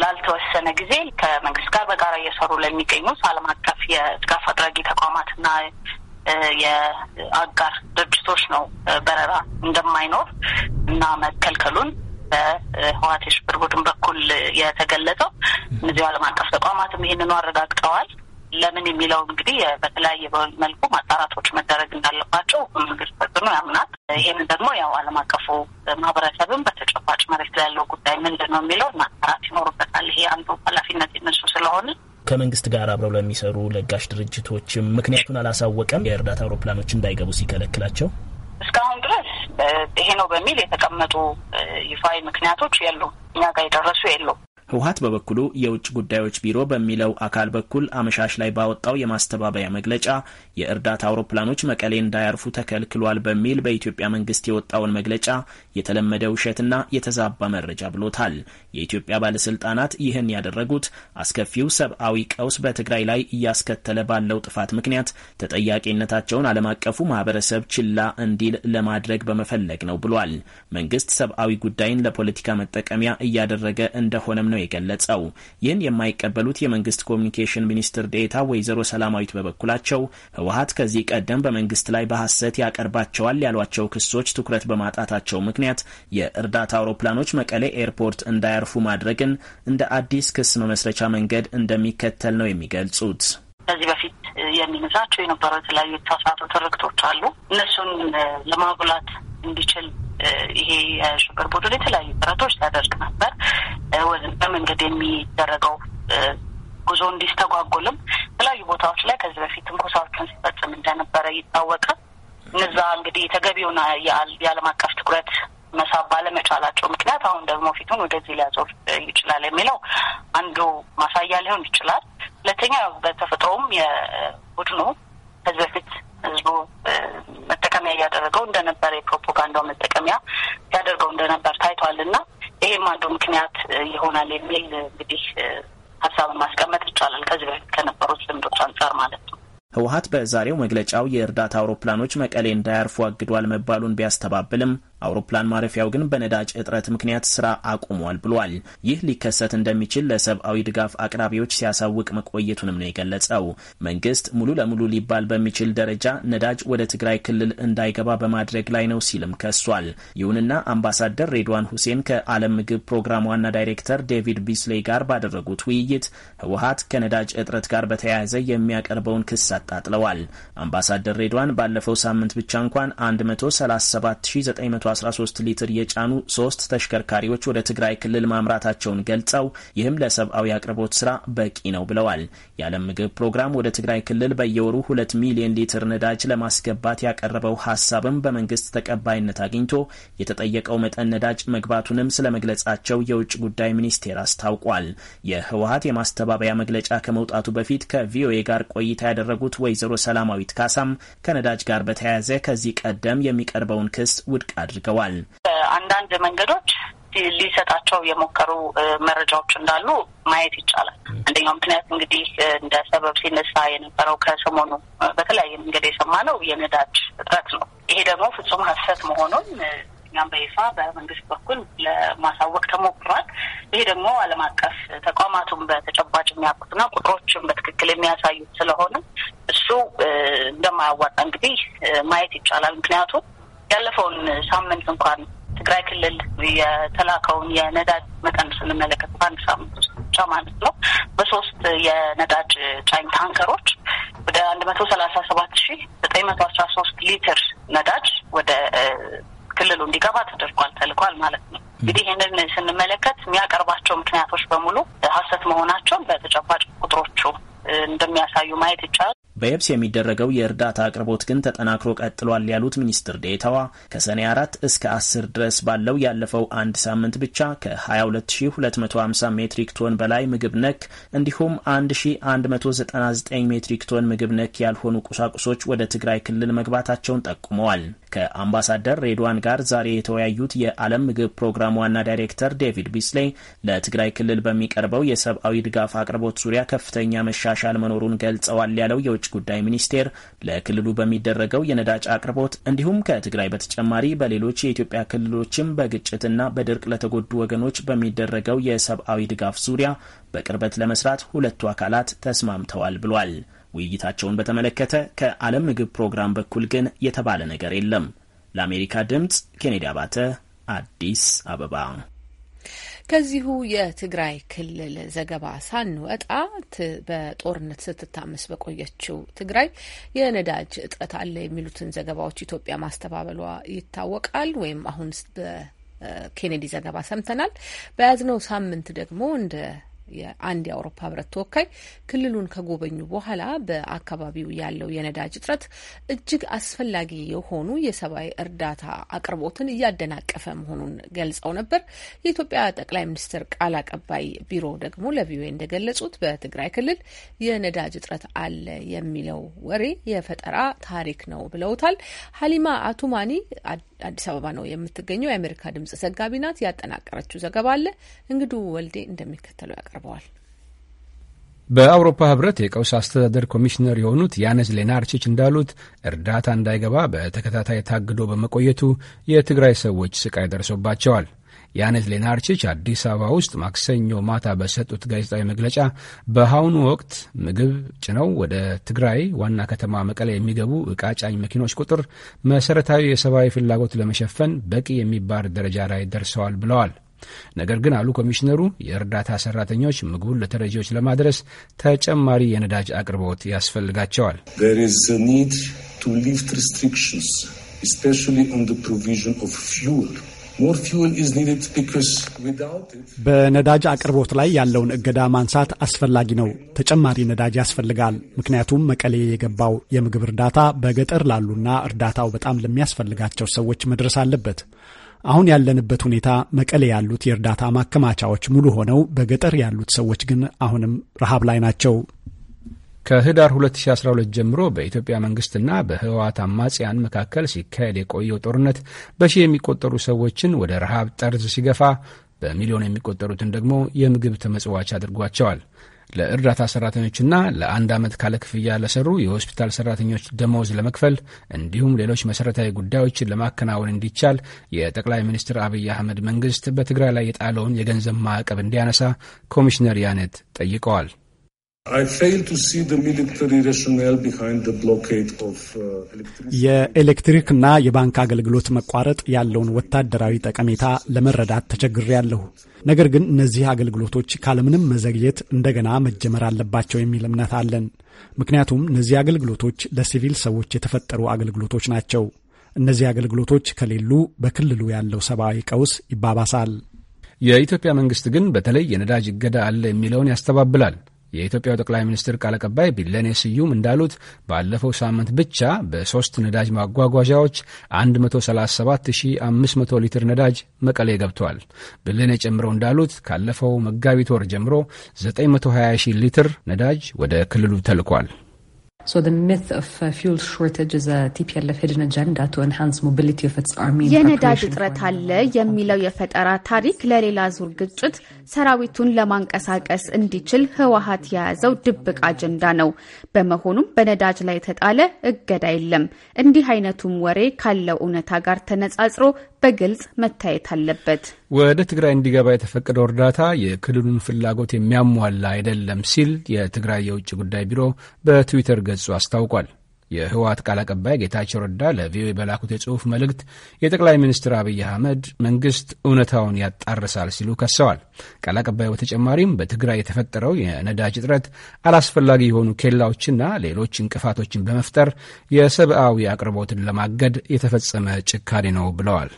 ላልተወሰነ ጊዜ ከመንግስት ጋር በጋራ እየሰሩ ለሚገኙት ዓለም አቀፍ የድጋፍ አድራጊ ተቋማትና የአጋር ድርጅቶች ነው በረራ እንደማይኖር እና መከልከሉን በህወሓት የሽብር ቡድን በኩል የተገለጸው እነዚሁ ዓለም አቀፍ ተቋማትም ይህንኑ አረጋግጠዋል። ለምን የሚለው እንግዲህ በተለያየ መልኩ ማጣራቶች መደረግ እንዳለባቸው መንግስት ፈጽኖ ያምናል። ይህንን ደግሞ ያው ዓለም አቀፉ ማህበረሰብም በተጨባጭ መሬት ላይ ያለው ጉዳይ ምንድን ነው የሚለው ማጣራት ይኖርበታል። ይሄ አንዱ ኃላፊነት የነሱ ስለሆነ ከመንግስት ጋር አብረው ለሚሰሩ ለጋሽ ድርጅቶችም ምክንያቱን አላሳወቀም። የእርዳታ አውሮፕላኖች እንዳይገቡ ሲከለክላቸው ይሄ ነው በሚል የተቀመጡ ይፋዊ ምክንያቶች የሉም። እኛ ጋር የደረሱ የሉም። ህውሀት በበኩሉ የውጭ ጉዳዮች ቢሮ በሚለው አካል በኩል አመሻሽ ላይ ባወጣው የማስተባበያ መግለጫ የእርዳታ አውሮፕላኖች መቀሌ እንዳያርፉ ተከልክሏል በሚል በኢትዮጵያ መንግስት የወጣውን መግለጫ የተለመደ ውሸትና የተዛባ መረጃ ብሎታል። የኢትዮጵያ ባለስልጣናት ይህን ያደረጉት አስከፊው ሰብአዊ ቀውስ በትግራይ ላይ እያስከተለ ባለው ጥፋት ምክንያት ተጠያቂነታቸውን ዓለም አቀፉ ማህበረሰብ ችላ እንዲል ለማድረግ በመፈለግ ነው ብሏል። መንግስት ሰብአዊ ጉዳይን ለፖለቲካ መጠቀሚያ እያደረገ እንደሆነም ነው የገለጸው። ይህን የማይቀበሉት የመንግስት ኮሚኒኬሽን ሚኒስትር ዴታ ወይዘሮ ሰላማዊት በበኩላቸው ህወሀት ከዚህ ቀደም በመንግስት ላይ በሐሰት ያቀርባቸዋል ያሏቸው ክሶች ትኩረት በማጣታቸው ምክንያት የእርዳታ አውሮፕላኖች መቀሌ ኤርፖርት እንዳያርፉ ማድረግን እንደ አዲስ ክስ መመስረቻ መንገድ እንደሚከተል ነው የሚገልጹት። ከዚህ በፊት የሚነዛቸው የነበረው የተለያዩ የተሳሳቱ ትርክቶች አሉ። እነሱን ለማጉላት እንዲችል ይሄ የሹገር ቡድን የተለያዩ ጥረቶች ሲያደርግ ነበር። በመንገድ የሚደረገው ጉዞ እንዲስተጓጎልም የተለያዩ ቦታዎች ላይ ከዚህ በፊት ትንኮሳዎችን ሲፈጽም እንደነበረ ይታወቃል። እነዛ እንግዲህ ተገቢውን የዓለም አቀፍ ትኩረት መሳብ ባለመቻላቸው ምክንያት አሁን ደግሞ ፊቱን ወደዚህ ሊያዞር ይችላል የሚለው አንዱ ማሳያ ሊሆን ይችላል። ሁለተኛ በተፈጥሮውም የቡድኑ ከዚህ በፊት ህዝቡ መጠቀሚያ እያደረገው እንደነበር የፕሮፓጋንዳው መጠቀሚያ ያደርገው እንደነበር ታይቷል እና ይሄም አንዱ ምክንያት ይሆናል የሚል እንግዲህ ሀሳብን ማስቀመጥ ይቻላል ከዚህ በፊት ከነበሩት ልምዶች አንጻር ማለት ነው። ህወሀት በዛሬው መግለጫው የእርዳታ አውሮፕላኖች መቀሌ እንዳያርፉ አግዷል መባሉን ቢያስተባብልም አውሮፕላን ማረፊያው ግን በነዳጅ እጥረት ምክንያት ስራ አቁሟል ብሏል። ይህ ሊከሰት እንደሚችል ለሰብአዊ ድጋፍ አቅራቢዎች ሲያሳውቅ መቆየቱንም ነው የገለጸው። መንግስት ሙሉ ለሙሉ ሊባል በሚችል ደረጃ ነዳጅ ወደ ትግራይ ክልል እንዳይገባ በማድረግ ላይ ነው ሲልም ከሷል። ይሁንና አምባሳደር ሬድዋን ሁሴን ከዓለም ምግብ ፕሮግራም ዋና ዳይሬክተር ዴቪድ ቢስሌይ ጋር ባደረጉት ውይይት ህወሀት ከነዳጅ እጥረት ጋር በተያያዘ የሚያቀርበውን ክስ አጣጥለዋል። አምባሳደር ሬድዋን ባለፈው ሳምንት ብቻ እንኳን 1379 113 ሊትር የጫኑ ሶስት ተሽከርካሪዎች ወደ ትግራይ ክልል ማምራታቸውን ገልጸው ይህም ለሰብአዊ አቅርቦት ስራ በቂ ነው ብለዋል። የዓለም ምግብ ፕሮግራም ወደ ትግራይ ክልል በየወሩ 2 ሚሊዮን ሊትር ነዳጅ ለማስገባት ያቀረበው ሀሳብም በመንግስት ተቀባይነት አግኝቶ የተጠየቀው መጠን ነዳጅ መግባቱንም ስለ መግለጻቸው የውጭ ጉዳይ ሚኒስቴር አስታውቋል። የህወሀት የማስተባበያ መግለጫ ከመውጣቱ በፊት ከቪኦኤ ጋር ቆይታ ያደረጉት ወይዘሮ ሰላማዊት ካሳም ከነዳጅ ጋር በተያያዘ ከዚህ ቀደም የሚቀርበውን ክስ ውድቅ አድርገዋል። አድርገዋል። አንዳንድ መንገዶች ሊሰጣቸው የሞከሩ መረጃዎች እንዳሉ ማየት ይቻላል። አንደኛው ምክንያት እንግዲህ እንደ ሰበብ ሲነሳ የነበረው ከሰሞኑ በተለያየ መንገድ የሰማነው የነዳጅ እጥረት ነው። ይሄ ደግሞ ፍጹም ሐሰት መሆኑን እኛም በይፋ በመንግስት በኩል ለማሳወቅ ተሞክሯል። ይሄ ደግሞ ዓለም አቀፍ ተቋማቱን በተጨባጭ የሚያውቁትና ቁጥሮችን በትክክል የሚያሳዩት ስለሆነ እሱ እንደማያዋጣ እንግዲህ ማየት ይቻላል። ምክንያቱም ያለፈውን ሳምንት እንኳን ትግራይ ክልል የተላከውን የነዳጅ መጠን ስንመለከት በአንድ ሳምንት ውስጥ ብቻ ማለት ነው በሶስት የነዳጅ ጫኝ ታንከሮች ወደ አንድ መቶ ሰላሳ ሰባት ሺህ ዘጠኝ መቶ አስራ ሶስት ሊትር ነዳጅ ወደ ክልሉ እንዲገባ ተደርጓል ተልኳል ማለት ነው። እንግዲህ ይህንን ለካይብስ የሚደረገው የእርዳታ አቅርቦት ግን ተጠናክሮ ቀጥሏል ያሉት ሚኒስትር ዴታዋ ከሰኔ 4 እስከ 10 ድረስ ባለው ያለፈው አንድ ሳምንት ብቻ ከ22250 ሜትሪክ ቶን በላይ ምግብ ነክ እንዲሁም 1199 ሜትሪክ ቶን ምግብ ነክ ያልሆኑ ቁሳቁሶች ወደ ትግራይ ክልል መግባታቸውን ጠቁመዋል። ከአምባሳደር ሬድዋን ጋር ዛሬ የተወያዩት የዓለም ምግብ ፕሮግራም ዋና ዳይሬክተር ዴቪድ ቢስሌ ለትግራይ ክልል በሚቀርበው የሰብአዊ ድጋፍ አቅርቦት ዙሪያ ከፍተኛ መሻሻል መኖሩን ገልጸዋል ያለው የውጭ ጉዳይ ሚኒስቴር ለክልሉ በሚደረገው የነዳጅ አቅርቦት እንዲሁም ከትግራይ በተጨማሪ በሌሎች የኢትዮጵያ ክልሎችም በግጭትና በድርቅ ለተጎዱ ወገኖች በሚደረገው የሰብአዊ ድጋፍ ዙሪያ በቅርበት ለመስራት ሁለቱ አካላት ተስማምተዋል ብሏል። ውይይታቸውን በተመለከተ ከዓለም ምግብ ፕሮግራም በኩል ግን የተባለ ነገር የለም። ለአሜሪካ ድምፅ ኬኔዲ አባተ አዲስ አበባ ከዚሁ የትግራይ ክልል ዘገባ ሳንወጣ በጦርነት ስትታመስ በቆየችው ትግራይ የነዳጅ እጥረት አለ የሚሉትን ዘገባዎች ኢትዮጵያ ማስተባበሏ ይታወቃል። ወይም አሁን በኬኔዲ ዘገባ ሰምተናል። በያዝነው ሳምንት ደግሞ እንደ የአንድ የአውሮፓ ህብረት ተወካይ ክልሉን ከጎበኙ በኋላ በአካባቢው ያለው የነዳጅ እጥረት እጅግ አስፈላጊ የሆኑ የሰብአዊ እርዳታ አቅርቦትን እያደናቀፈ መሆኑን ገልጸው ነበር። የኢትዮጵያ ጠቅላይ ሚኒስትር ቃል አቀባይ ቢሮ ደግሞ ለቪኦኤ እንደገለጹት በትግራይ ክልል የነዳጅ እጥረት አለ የሚለው ወሬ የፈጠራ ታሪክ ነው ብለውታል። ሀሊማ አቱማኒ አዲስ አበባ ነው የምትገኘው የአሜሪካ ድምጽ ዘጋቢ ናት። ያጠናቀረችው ዘገባ አለ እንግዱ ወልዴ እንደሚከተለው ያቀርበዋል። በአውሮፓ ህብረት የቀውስ አስተዳደር ኮሚሽነር የሆኑት ያነዝ ሌናርቺች እንዳሉት እርዳታ እንዳይገባ በተከታታይ ታግዶ በመቆየቱ የትግራይ ሰዎች ስቃይ ደርሶባቸዋል። የአነት ሌናርችች አዲስ አበባ ውስጥ ማክሰኞ ማታ በሰጡት ጋዜጣዊ መግለጫ በአሁኑ ወቅት ምግብ ጭነው ወደ ትግራይ ዋና ከተማ መቀለ የሚገቡ እቃ ጫኝ መኪኖች ቁጥር መሰረታዊ የሰብአዊ ፍላጎት ለመሸፈን በቂ የሚባል ደረጃ ላይ ደርሰዋል ብለዋል። ነገር ግን አሉ ኮሚሽነሩ፣ የእርዳታ ሰራተኞች ምግቡን ለተረጂዎች ለማድረስ ተጨማሪ የነዳጅ አቅርቦት ያስፈልጋቸዋል። ኒድ ቱ ስፔሻሊ ኦን ፕሮቪዥን ኦፍ ፊውል በነዳጅ አቅርቦት ላይ ያለውን እገዳ ማንሳት አስፈላጊ ነው። ተጨማሪ ነዳጅ ያስፈልጋል። ምክንያቱም መቀሌ የገባው የምግብ እርዳታ በገጠር ላሉና እርዳታው በጣም ለሚያስፈልጋቸው ሰዎች መድረስ አለበት። አሁን ያለንበት ሁኔታ መቀሌ ያሉት የእርዳታ ማከማቻዎች ሙሉ ሆነው በገጠር ያሉት ሰዎች ግን አሁንም ረሃብ ላይ ናቸው። ከህዳር 2012 ጀምሮ በኢትዮጵያ መንግስትና በህወሓት አማጽያን መካከል ሲካሄድ የቆየው ጦርነት በሺህ የሚቆጠሩ ሰዎችን ወደ ረሃብ ጠርዝ ሲገፋ በሚሊዮን የሚቆጠሩትን ደግሞ የምግብ ተመጽዋች አድርጓቸዋል። ለእርዳታ ሰራተኞችና ለአንድ ዓመት ካለ ክፍያ ለሰሩ የሆስፒታል ሰራተኞች ደሞዝ ለመክፈል እንዲሁም ሌሎች መሠረታዊ ጉዳዮችን ለማከናወን እንዲቻል የጠቅላይ ሚኒስትር አብይ አህመድ መንግስት በትግራይ ላይ የጣለውን የገንዘብ ማዕቀብ እንዲያነሳ ኮሚሽነር ያነት ጠይቀዋል። Uh, የኤሌክትሪክና የባንክ አገልግሎት መቋረጥ ያለውን ወታደራዊ ጠቀሜታ ለመረዳት ተቸግሬያለሁ። ነገር ግን እነዚህ አገልግሎቶች ካለምንም መዘግየት እንደገና መጀመር አለባቸው የሚል እምነት አለን። ምክንያቱም እነዚህ አገልግሎቶች ለሲቪል ሰዎች የተፈጠሩ አገልግሎቶች ናቸው። እነዚህ አገልግሎቶች ከሌሉ በክልሉ ያለው ሰብአዊ ቀውስ ይባባሳል። የኢትዮጵያ መንግስት ግን በተለይ የነዳጅ እገዳ አለ የሚለውን ያስተባብላል። የኢትዮጵያው ጠቅላይ ሚኒስትር ቃል አቀባይ ቢለኔ ስዩም እንዳሉት ባለፈው ሳምንት ብቻ በሶስት ነዳጅ ማጓጓዣዎች 137500 ሊትር ነዳጅ መቀሌ ገብቷል። ቢለኔ ጨምረው እንዳሉት ካለፈው መጋቢት ወር ጀምሮ 920 ሺህ ሊትር ነዳጅ ወደ ክልሉ ተልኳል። የነዳጅ እጥረት አለ የሚለው የፈጠራ ታሪክ ለሌላ ዙር ግጭት ሰራዊቱን ለማንቀሳቀስ እንዲችል ህወሀት የያዘው ድብቅ አጀንዳ ነው። በመሆኑም በነዳጅ ላይ የተጣለ እገዳ የለም። እንዲህ አይነቱም ወሬ ካለው እውነታ ጋር ተነጻጽሮ በግልጽ መታየት አለበት። ወደ ትግራይ እንዲገባ የተፈቀደው እርዳታ የክልሉን ፍላጎት የሚያሟላ አይደለም ሲል የትግራይ የውጭ ጉዳይ ቢሮ በትዊተር ገጹ አስታውቋል። የህወሓት ቃል አቀባይ ጌታቸው ረዳ ለቪኦኤ በላኩት የጽሑፍ መልእክት የጠቅላይ ሚኒስትር አብይ አህመድ መንግስት እውነታውን ያጣርሳል ሲሉ ከሰዋል። ቃል አቀባዩ በተጨማሪም በትግራይ የተፈጠረው የነዳጅ እጥረት አላስፈላጊ የሆኑ ኬላዎችና ሌሎች እንቅፋቶችን በመፍጠር የሰብአዊ አቅርቦትን ለማገድ የተፈጸመ ጭካኔ ነው ብለዋል።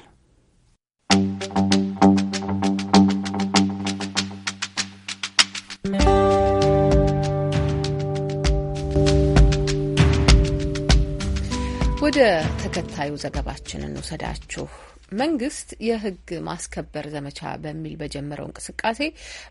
ወደ ተከታዩ ዘገባችንን ውሰዳችሁ። መንግስት የህግ ማስከበር ዘመቻ በሚል በጀመረው እንቅስቃሴ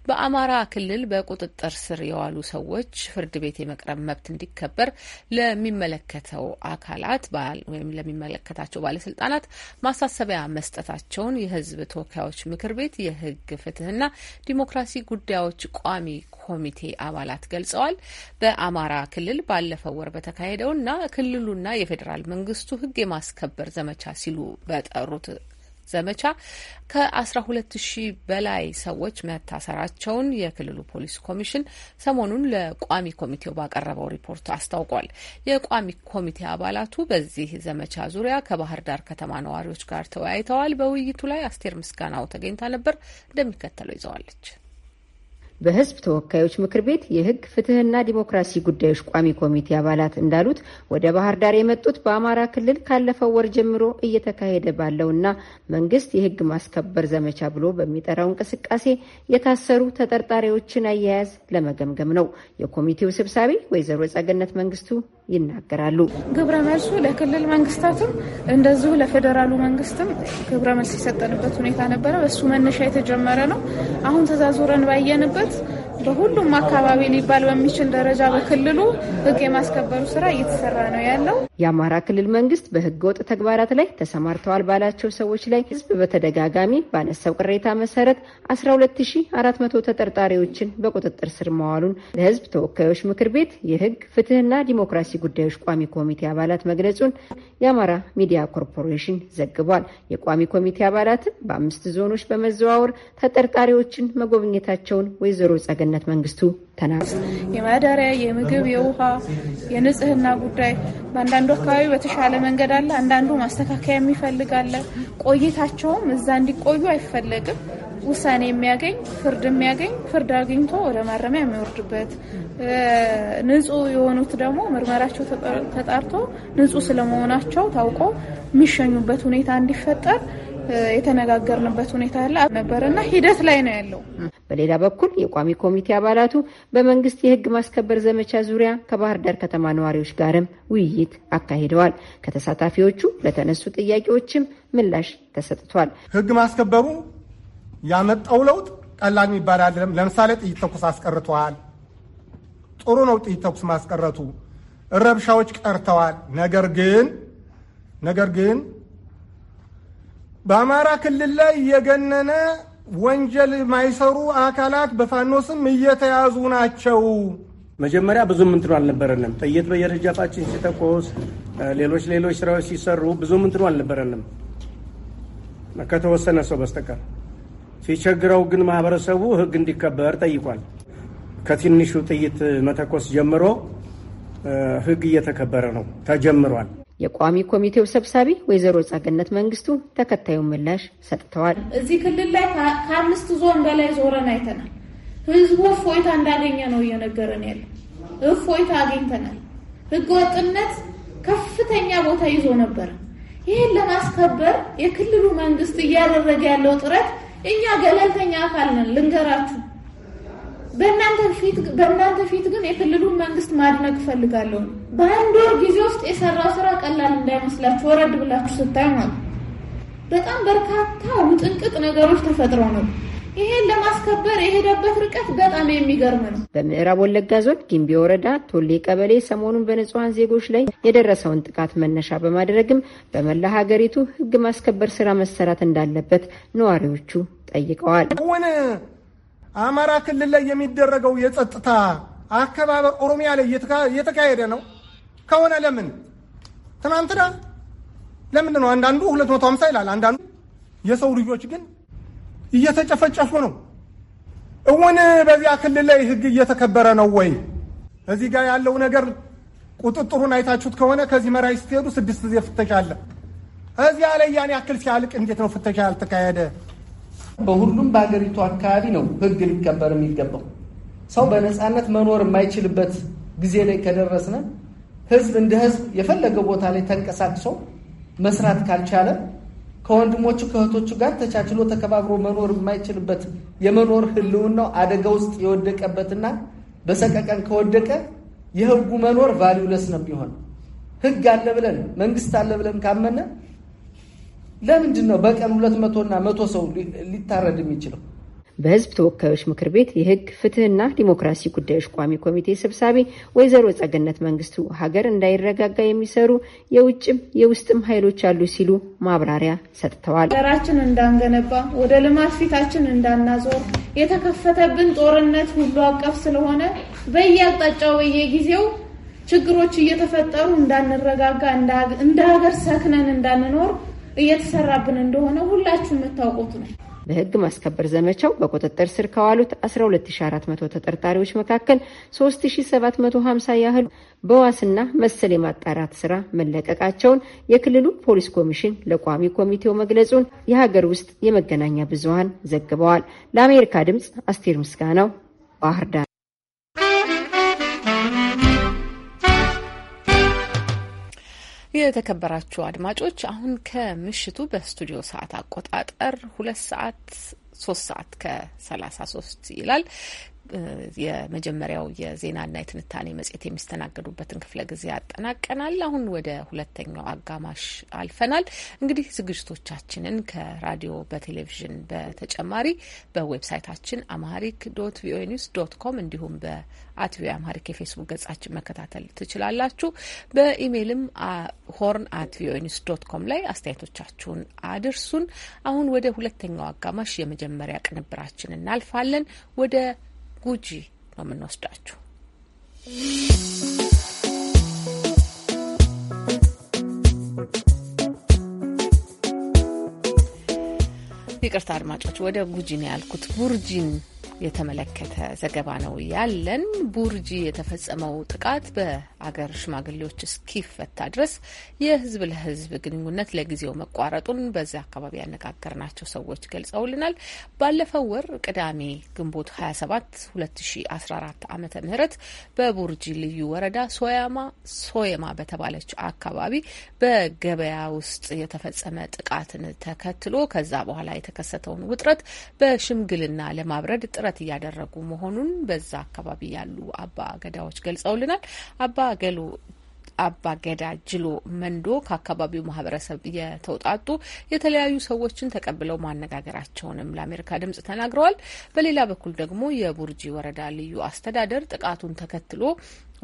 በአማራ ክልል በቁጥጥር ስር የዋሉ ሰዎች ፍርድ ቤት የመቅረብ መብት እንዲከበር ለሚመለከተው አካላት ወይም ለሚመለከታቸው ባለስልጣናት ማሳሰቢያ መስጠታቸውን የህዝብ ተወካዮች ምክር ቤት የህግ ፍትህና ዲሞክራሲ ጉዳዮች ቋሚ ኮሚቴ አባላት ገልጸዋል። በአማራ ክልል ባለፈው ወር በተካሄደውና ክልሉና የፌዴራል መንግስቱ ህግ የማስከበር ዘመቻ ሲሉ በጠሩት ዘመቻ ከ12 ሺህ በላይ ሰዎች መታሰራቸውን የክልሉ ፖሊስ ኮሚሽን ሰሞኑን ለቋሚ ኮሚቴው ባቀረበው ሪፖርት አስታውቋል። የቋሚ ኮሚቴ አባላቱ በዚህ ዘመቻ ዙሪያ ከባህር ዳር ከተማ ነዋሪዎች ጋር ተወያይተዋል። በውይይቱ ላይ አስቴር ምስጋናው ተገኝታ ነበር፣ እንደሚከተለው ይዘዋለች። በህዝብ ተወካዮች ምክር ቤት የህግ ፍትህና ዲሞክራሲ ጉዳዮች ቋሚ ኮሚቴ አባላት እንዳሉት ወደ ባህር ዳር የመጡት በአማራ ክልል ካለፈው ወር ጀምሮ እየተካሄደ ባለውና መንግስት የህግ ማስከበር ዘመቻ ብሎ በሚጠራው እንቅስቃሴ የታሰሩ ተጠርጣሪዎችን አያያዝ ለመገምገም ነው። የኮሚቴው ሰብሳቢ ወይዘሮ ጸገነት መንግስቱ ይናገራሉ። ግብረ መልሱ ለክልል መንግስታትም እንደዚሁ ለፌዴራሉ መንግስትም ግብረ መልስ የሰጠንበት ሁኔታ ነበረ። በሱ መነሻ የተጀመረ ነው። አሁን ተዛዙረን ባየንበት በሁሉም አካባቢ ሊባል በሚችል ደረጃ በክልሉ ህግ የማስከበሩ ስራ እየተሰራ ነው ያለው። የአማራ ክልል መንግስት በህገ ወጥ ተግባራት ላይ ተሰማርተዋል ባላቸው ሰዎች ላይ ህዝብ በተደጋጋሚ ባነሳው ቅሬታ መሰረት 12400 ተጠርጣሪዎችን በቁጥጥር ስር መዋሉን ለህዝብ ተወካዮች ምክር ቤት የህግ ፍትህና ዲሞክራሲ ጉዳዮች ቋሚ ኮሚቴ አባላት መግለጹን የአማራ ሚዲያ ኮርፖሬሽን ዘግቧል። የቋሚ ኮሚቴ አባላትን በአምስት ዞኖች በመዘዋወር ተጠርጣሪዎችን መጎብኘታቸውን ወይዘሮ ጸገ ገነት መንግስቱ ተናግረዋል። የማዳሪያ፣ የምግብ፣ የውሃ፣ የንጽህና ጉዳይ በአንዳንዱ አካባቢ በተሻለ መንገድ አለ፣ አንዳንዱ ማስተካከያ የሚፈልጋለ ቆይታቸውም እዛ እንዲቆዩ አይፈለግም። ውሳኔ የሚያገኝ ፍርድ የሚያገኝ ፍርድ አግኝቶ ወደ ማረሚያ የሚወርድበት ንጹህ የሆኑት ደግሞ ምርመራቸው ተጣርቶ ንጹህ ስለመሆናቸው ታውቆ የሚሸኙበት ሁኔታ እንዲፈጠር የተነጋገርንበት ሁኔታ ያለ ነበርና ሂደት ላይ ነው ያለው። በሌላ በኩል የቋሚ ኮሚቴ አባላቱ በመንግስት የህግ ማስከበር ዘመቻ ዙሪያ ከባህር ዳር ከተማ ነዋሪዎች ጋርም ውይይት አካሂደዋል። ከተሳታፊዎቹ ለተነሱ ጥያቄዎችም ምላሽ ተሰጥቷል። ህግ ማስከበሩ ያመጣው ለውጥ ቀላል የሚባል አይደለም። ለምሳሌ ጥይት ተኩስ አስቀርተዋል። ጥሩ ነው ጥይት ተኩስ ማስቀረቱ። ረብሻዎች ቀርተዋል። ነገር ግን ነገር ግን በአማራ ክልል ላይ የገነነ ወንጀል ማይሰሩ አካላት በፋኖ ስም እየተያዙ ናቸው። መጀመሪያ ብዙም እንትኑ አልነበረንም። ጥይት በየደጃፋችን ሲተኮስ፣ ሌሎች ሌሎች ስራዎች ሲሰሩ ብዙም እንትኑ አልነበረንም ከተወሰነ ሰው በስተቀር። ሲቸግረው ግን ማህበረሰቡ ህግ እንዲከበር ጠይቋል። ከትንሹ ጥይት መተኮስ ጀምሮ ህግ እየተከበረ ነው፣ ተጀምሯል። የቋሚ ኮሚቴው ሰብሳቢ ወይዘሮ ጸገነት መንግስቱ ተከታዩን ምላሽ ሰጥተዋል። እዚህ ክልል ላይ ከአምስት ዞን በላይ ዞረን አይተናል። ህዝቡ እፎይታ እንዳገኘ ነው እየነገረን ያለ። እፎይታ አግኝተናል። ወጥነት ከፍተኛ ቦታ ይዞ ነበር። ይህን ለማስከበር የክልሉ መንግስት እያደረገ ያለው ጥረት እኛ ገለልተኛ አካል ነን ልንገራችሁ በእናንተ ፊት በእናንተ ፊት ግን የክልሉን መንግስት ማድነቅ እፈልጋለሁ። በአንድ ወር ጊዜ ውስጥ የሰራው ስራ ቀላል እንዳይመስላችሁ ወረድ ብላችሁ ስታዩ ማለት በጣም በርካታ ውጥንቅጥ ነገሮች ተፈጥረው ነው። ይሄን ለማስከበር የሄደበት ርቀት በጣም የሚገርም ነው። በምዕራብ ወለጋ ዞን ጊምቢ ወረዳ ቶሌ ቀበሌ ሰሞኑን በንጹሐን ዜጎች ላይ የደረሰውን ጥቃት መነሻ በማድረግም በመላ ሀገሪቱ ህግ ማስከበር ስራ መሰራት እንዳለበት ነዋሪዎቹ ጠይቀዋል። አማራ ክልል ላይ የሚደረገው የጸጥታ አከባበር ኦሮሚያ ላይ እየተካሄደ ነው ከሆነ ለምን ትናንትና ለምንድን ነው አንዳንዱ ሁለት መቶ ሀምሳ ይላል አንዳንዱ የሰው ልጆች ግን እየተጨፈጨፉ ነው እውን በዚያ ክልል ላይ ህግ እየተከበረ ነው ወይ እዚህ ጋር ያለው ነገር ቁጥጥሩን አይታችሁት ከሆነ ከዚህ መራዊ ስትሄዱ ስድስት ጊዜ ፍተሻ አለ እዚያ ላይ ያን ያክል ሲያልቅ እንዴት ነው ፍተሻ ያልተካሄደ በሁሉም በሀገሪቱ አካባቢ ነው ህግ ሊከበር የሚገባው። ሰው በነፃነት መኖር የማይችልበት ጊዜ ላይ ከደረስነ ህዝብ እንደ ህዝብ የፈለገ ቦታ ላይ ተንቀሳቅሶ መስራት ካልቻለ ከወንድሞቹ ከእህቶቹ ጋር ተቻችሎ ተከባብሮ መኖር የማይችልበት የመኖር ህልውናው አደጋ ውስጥ የወደቀበትና በሰቀቀን ከወደቀ የህጉ መኖር ቫሊውለስ ነው ቢሆን ህግ አለ ብለን መንግስት አለ ብለን ካመነ ለምንድን ነው በቀን ሁለት መቶና መቶ ሰው ሊታረድ የሚችለው? በሕዝብ ተወካዮች ምክር ቤት የህግ ፍትህና ዲሞክራሲ ጉዳዮች ቋሚ ኮሚቴ ሰብሳቢ ወይዘሮ ጸገነት መንግስቱ ሀገር እንዳይረጋጋ የሚሰሩ የውጭም የውስጥም ኃይሎች አሉ ሲሉ ማብራሪያ ሰጥተዋል። ሀገራችን እንዳንገነባ ወደ ልማት ፊታችን እንዳናዞር የተከፈተብን ጦርነት ሁሉ አቀፍ ስለሆነ በየአቅጣጫው በየጊዜው ችግሮች እየተፈጠሩ እንዳንረጋጋ እንደ ሀገር ሰክነን እንዳንኖር እየተሰራብን እንደሆነ ሁላችሁ የምታውቁት ነው። በህግ ማስከበር ዘመቻው በቁጥጥር ስር ከዋሉት 12400 ተጠርጣሪዎች መካከል 3750 ያህሉ በዋስና መሰል የማጣራት ስራ መለቀቃቸውን የክልሉ ፖሊስ ኮሚሽን ለቋሚ ኮሚቴው መግለጹን የሀገር ውስጥ የመገናኛ ብዙሃን ዘግበዋል። ለአሜሪካ ድምፅ አስቴር ምስጋናው ባህር ዳር። የተከበራችሁ አድማጮች አሁን ከምሽቱ በስቱዲዮ ሰዓት አቆጣጠር ሁለት ሰዓት ሶስት ሰዓት ከሰላሳ ሶስት ይላል። የመጀመሪያው የዜናና የትንታኔ መጽሄት የሚስተናገዱበትን ክፍለ ጊዜ ያጠናቀናል። አሁን ወደ ሁለተኛው አጋማሽ አልፈናል። እንግዲህ ዝግጅቶቻችንን ከራዲዮ በቴሌቪዥን በተጨማሪ በዌብሳይታችን አማሪክ ዶት ቪኦኤ ኒውስ ዶት ኮም እንዲሁም በአት ቪኦኤ አማሪክ የፌስቡክ ገጻችን መከታተል ትችላላችሁ። በኢሜይልም ሆርን አት ቪኦኤ ኒውስ ዶት ኮም ላይ አስተያየቶቻችሁን አድርሱን። አሁን ወደ ሁለተኛው አጋማሽ የመጀመሪያ ቅንብራችን እናልፋለን ወደ ጉጂ ነው የምንወስዳችሁ። ይቅርታ አድማጮች፣ ወደ ጉጂን ያልኩት። ቡርጂን የተመለከተ ዘገባ ነው ያለን። ቡርጂ የተፈጸመው ጥቃት በአገር ሽማግሌዎች እስኪፈታ ድረስ የህዝብ ለህዝብ ግንኙነት ለጊዜው መቋረጡን በዚያ አካባቢ ያነጋገርናቸው ሰዎች ገልጸውልናል። ባለፈው ወር ቅዳሜ ግንቦት 27 2014 ዓ ም በቡርጂ ልዩ ወረዳ ሶያማ ሶየማ በተባለች አካባቢ በገበያ ውስጥ የተፈጸመ ጥቃትን ተከትሎ ከዛ በኋላ የተከሰተውን ውጥረት በሽምግልና ለማብረድ ጥረት እያደረጉ መሆኑን በዛ አካባቢ ያሉ አባ ገዳዎች ገልጸውልናል። አባ ገሎ አባ ገዳ ጅሎ መንዶ ከአካባቢው ማህበረሰብ የተውጣጡ የተለያዩ ሰዎችን ተቀብለው ማነጋገራቸውንም ለአሜሪካ ድምጽ ተናግረዋል። በሌላ በኩል ደግሞ የቡርጂ ወረዳ ልዩ አስተዳደር ጥቃቱን ተከትሎ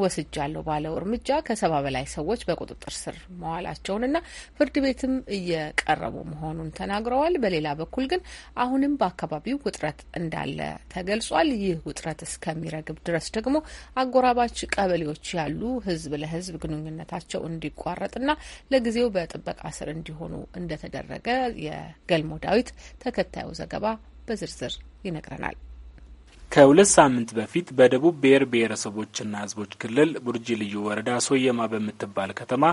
ወስጃለሁ ባለው እርምጃ ከሰባ በላይ ሰዎች በቁጥጥር ስር መዋላቸውንና ፍርድ ቤትም እየቀረቡ መሆኑን ተናግረዋል። በሌላ በኩል ግን አሁንም በአካባቢው ውጥረት እንዳለ ተገልጿል። ይህ ውጥረት እስከሚረግብ ድረስ ደግሞ አጎራባች ቀበሌዎች ያሉ ህዝብ ለህዝብ ግንኙነታቸው እንዲቋረጥና ለጊዜው በጥበቃ ስር እንዲሆኑ እንደተደረገ የገልሞ ዳዊት ተከታዩ ዘገባ በዝርዝር ይነግረናል። ከሁለት ሳምንት በፊት በደቡብ ብሔር ብሔረሰቦችና ህዝቦች ክልል ቡርጂ ልዩ ወረዳ ሶየማ በምትባል ከተማ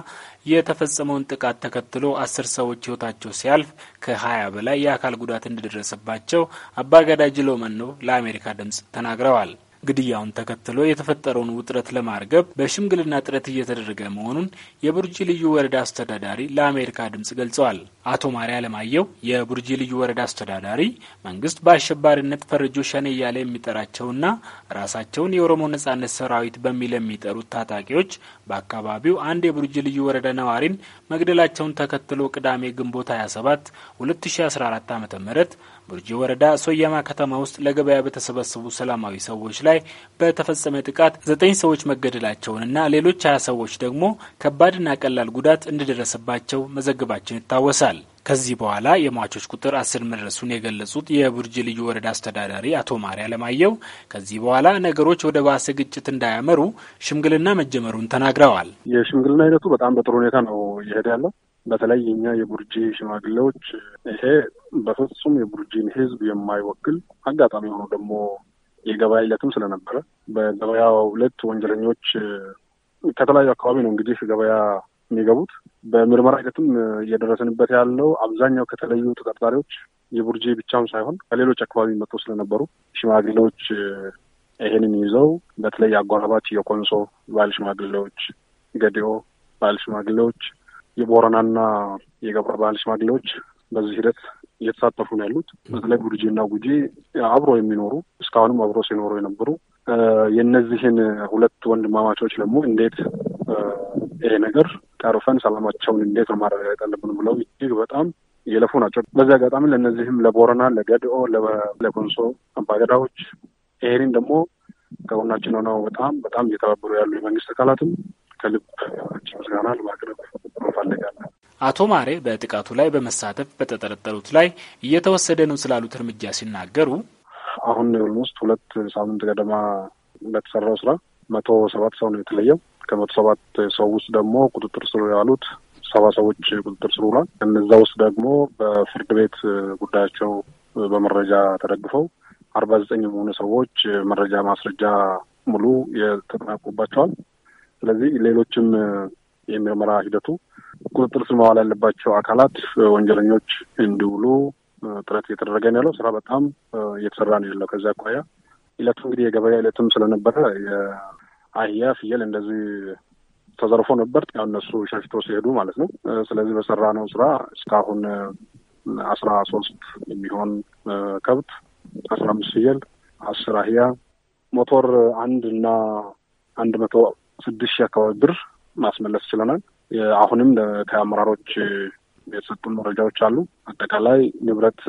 የተፈጸመውን ጥቃት ተከትሎ አስር ሰዎች ህይወታቸው ሲያልፍ ከሀያ በላይ የአካል ጉዳት እንደደረሰባቸው አባገዳጅ ሎመኖ ለአሜሪካ ድምጽ ተናግረዋል። ግድያውን ተከትሎ የተፈጠረውን ውጥረት ለማርገብ በሽምግልና ጥረት እየተደረገ መሆኑን የቡርጂ ልዩ ወረዳ አስተዳዳሪ ለአሜሪካ ድምጽ ገልጸዋል። አቶ ማሪያ ለማየው የቡርጂ ልዩ ወረዳ አስተዳዳሪ መንግስት በአሸባሪነት ፈረጆ ሸኔ እያለ የሚጠራቸውና ራሳቸውን የኦሮሞ ነጻነት ሰራዊት በሚል የሚጠሩት ታጣቂዎች በአካባቢው አንድ የቡርጂ ልዩ ወረዳ ነዋሪን መግደላቸውን ተከትሎ ቅዳሜ ግንቦት 27 2014 ዓ ም ቡርጂ ወረዳ ሶያማ ከተማ ውስጥ ለገበያ በተሰበሰቡ ሰላማዊ ሰዎች ላይ በተፈጸመ ጥቃት ዘጠኝ ሰዎች መገደላቸውንና ሌሎች ሀያ ሰዎች ደግሞ ከባድና ቀላል ጉዳት እንደደረሰባቸው መዘገባችን ይታወሳል። ከዚህ በኋላ የሟቾች ቁጥር አስር መድረሱን የገለጹት የቡርጂ ልዩ ወረዳ አስተዳዳሪ አቶ ማሪ አለማየው ከዚህ በኋላ ነገሮች ወደ ባሰ ግጭት እንዳያመሩ ሽምግልና መጀመሩን ተናግረዋል። የሽምግልና ሂደቱ በጣም በጥሩ ሁኔታ ነው እየሄደ ያለው በተለይ እኛ የቡርጂ ሽማግሌዎች ይሄ በፍጹም የቡርጂን ህዝብ የማይወክል አጋጣሚ ሆኖ ደግሞ የገበያ ዕለትም ስለነበረ በገበያው ዕለት ወንጀለኞች ከተለያዩ አካባቢ ነው እንግዲህ ገበያ የሚገቡት። በምርመራ ሂደትም እየደረሰንበት ያለው አብዛኛው ከተለዩ ተጠርጣሪዎች የቡርጂ ብቻም ሳይሆን ከሌሎች አካባቢ መጡ ስለነበሩ ሽማግሌዎች ይሄንን ይዘው በተለይ አጎራባች የኮንሶ ባል ሽማግሌዎች፣ ገዲኦ ባል ሽማግሌዎች የቦረናና የገብረ ባህል ሽማግሌዎች በዚህ ሂደት እየተሳተፉ ነው ያሉት። በተለይ ጉርጄ ጉጂ አብሮ የሚኖሩ እስካሁንም አብሮ ሲኖሩ የነበሩ የእነዚህን ሁለት ወንድማማቾች ደግሞ እንዴት ይሄ ነገር ቀርፈን ሰላማቸውን እንዴት ነው ማረጋገጥ ብለው እጅግ በጣም እየለፉ ናቸው። በዚህ አጋጣሚ ለእነዚህም ለቦረና፣ ለገድኦ፣ ለኮንሶ አባገዳዎች ይሄንን ደግሞ ከጎናችን ሆነው በጣም በጣም እየተባበሩ ያሉ የመንግስት አካላትም ከልብ ምስጋና ለማቅረብ እንፈልጋለን። አቶ ማሬ በጥቃቱ ላይ በመሳተፍ በተጠረጠሩት ላይ እየተወሰደ ነው ስላሉት እርምጃ ሲናገሩ አሁን ኦልሞስት ሁለት ሳምንት ገደማ በተሰራው ስራ መቶ ሰባት ሰው ነው የተለየው። ከመቶ ሰባት ሰው ውስጥ ደግሞ ቁጥጥር ስሩ ያሉት ሰባ ሰዎች ቁጥጥር ስሩ ውሏል። እነዛ ውስጥ ደግሞ በፍርድ ቤት ጉዳያቸው በመረጃ ተደግፈው አርባ ዘጠኝ የሆኑ ሰዎች መረጃ ማስረጃ ሙሉ የተጠናቁባቸዋል። ስለዚህ ሌሎችም የምርመራ ሂደቱ ቁጥጥር ስር መዋል ያለባቸው አካላት ወንጀለኞች እንዲውሉ ጥረት እየተደረገ ነው ያለው። ስራ በጣም እየተሰራ ነው ያለው። ከዚያ አኳያ እለቱ እንግዲህ የገበያ እለትም ስለነበረ የአህያ ፍየል እንደዚህ ተዘርፎ ነበር። ያው እነሱ ሸሽቶ ሲሄዱ ማለት ነው። ስለዚህ በሰራ ነው ስራ እስካሁን አስራ ሶስት የሚሆን ከብት፣ አስራ አምስት ፍየል፣ አስር አህያ፣ ሞቶር አንድ እና አንድ መቶ ስድስት ሺህ አካባቢ ብር ማስመለስ ችለናል። አሁንም ከአመራሮች የተሰጡን መረጃዎች አሉ። አጠቃላይ ንብረት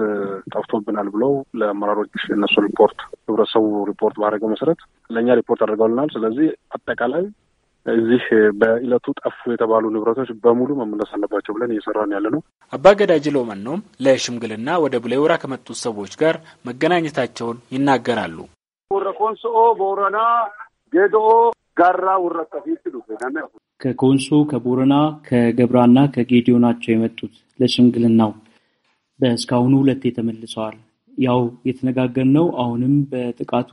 ጠፍቶብናል ብለው ለአመራሮች እነሱ ሪፖርት ህብረተሰቡ ሪፖርት ባደረገው መሰረት ለእኛ ሪፖርት አድርገውልናል። ስለዚህ አጠቃላይ እዚህ በኢለቱ ጠፉ የተባሉ ንብረቶች በሙሉ መመለስ አለባቸው ብለን እየሰራን ያለ ነው። አባገዳ ጅሎ መኖም ለሽምግልና ወደ ቡሌ ከመጡት ሰዎች ጋር መገናኘታቸውን ይናገራሉ። ረኮንሶኦ ቦረና ጌዶኦ ጋራ ከኮንሶ ከቦረና ከገብራና ከጌዲዮ ናቸው የመጡት ለሽምግልናው። በእስካሁኑ ሁለት ተመልሰዋል። ያው ነው። አሁንም በጥቃቱ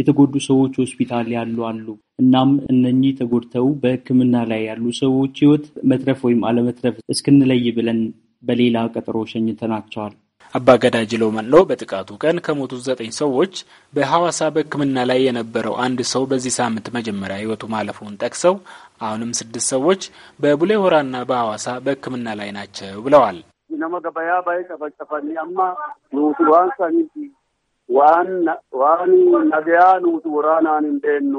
የተጎዱ ሰዎች ሆስፒታል ያሉ አሉ። እናም እነኚህ ተጎድተው በሕክምና ላይ ያሉ ሰዎች ህይወት መትረፍ ወይም አለመትረፍ እስክንለይ ብለን በሌላ ቀጠሮ ሸኝተናቸዋል። አባገዳጅ ለው መሎ በጥቃቱ ቀን ከሞቱት ዘጠኝ ሰዎች በሐዋሳ በሕክምና ላይ የነበረው አንድ ሰው በዚህ ሳምንት መጀመሪያ ህይወቱ ማለፉን ጠቅሰው አሁንም ስድስት ሰዎች በቡሌ ሆራና በሐዋሳ በሕክምና ላይ ናቸው ብለዋል። ዋን ነገያ ወራናን እንደኑ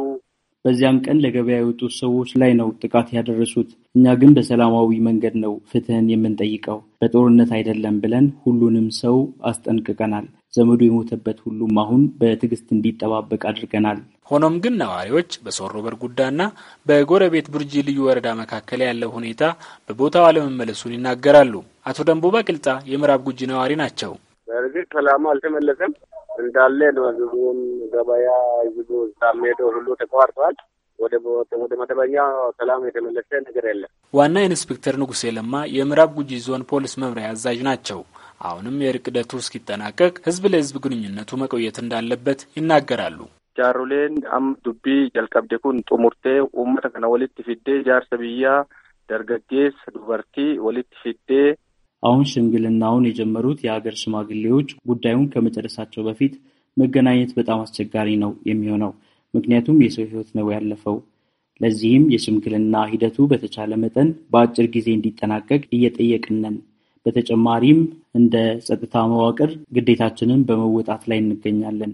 በዚያም ቀን ለገበያ የወጡት ሰዎች ላይ ነው ጥቃት ያደረሱት። እኛ ግን በሰላማዊ መንገድ ነው ፍትህን የምንጠይቀው በጦርነት አይደለም ብለን ሁሉንም ሰው አስጠንቅቀናል። ዘመዱ የሞተበት ሁሉም አሁን በትዕግስት እንዲጠባበቅ አድርገናል። ሆኖም ግን ነዋሪዎች በሶሮ በርጉዳና በጎረቤት ቡርጂ ልዩ ወረዳ መካከል ያለው ሁኔታ በቦታው አለመመለሱን ይናገራሉ። አቶ ደንቦባ ቅልጣ የምዕራብ ጉጂ ነዋሪ ናቸው። በእርግጥ ሰላሙ አልተመለሰም። እንዳለ ህዝቡም ገበያ፣ ህዝቡ እዛም ሁሉ ተቋርጧል። ወደ መደበኛ ሰላም የተመለሰ ነገር የለም። ዋና ኢንስፔክተር ንጉሴ ለማ የምዕራብ ጉጂ ዞን ፖሊስ መምሪያ አዛዥ ናቸው። አሁንም የእርቅ ሂደቱ እስኪጠናቀቅ ህዝብ ለህዝብ ግንኙነቱ መቆየት እንዳለበት ይናገራሉ። ጃሩሌን አም ዱቢ ጀልቀብዴ ኩን ጡሙርቴ ኡመተ ከነ ወሊት ፊዴ ጃርሰብያ ደርገጌስ ዱበርቲ ወሊት ፊዴ አሁን ሽምግልናውን የጀመሩት የሀገር ሽማግሌዎች ጉዳዩን ከመጨረሳቸው በፊት መገናኘት በጣም አስቸጋሪ ነው የሚሆነው፣ ምክንያቱም የሰው ህይወት ነው ያለፈው። ለዚህም የሽምግልና ሂደቱ በተቻለ መጠን በአጭር ጊዜ እንዲጠናቀቅ እየጠየቅን ነን። በተጨማሪም እንደ ጸጥታ መዋቅር ግዴታችንን በመወጣት ላይ እንገኛለን።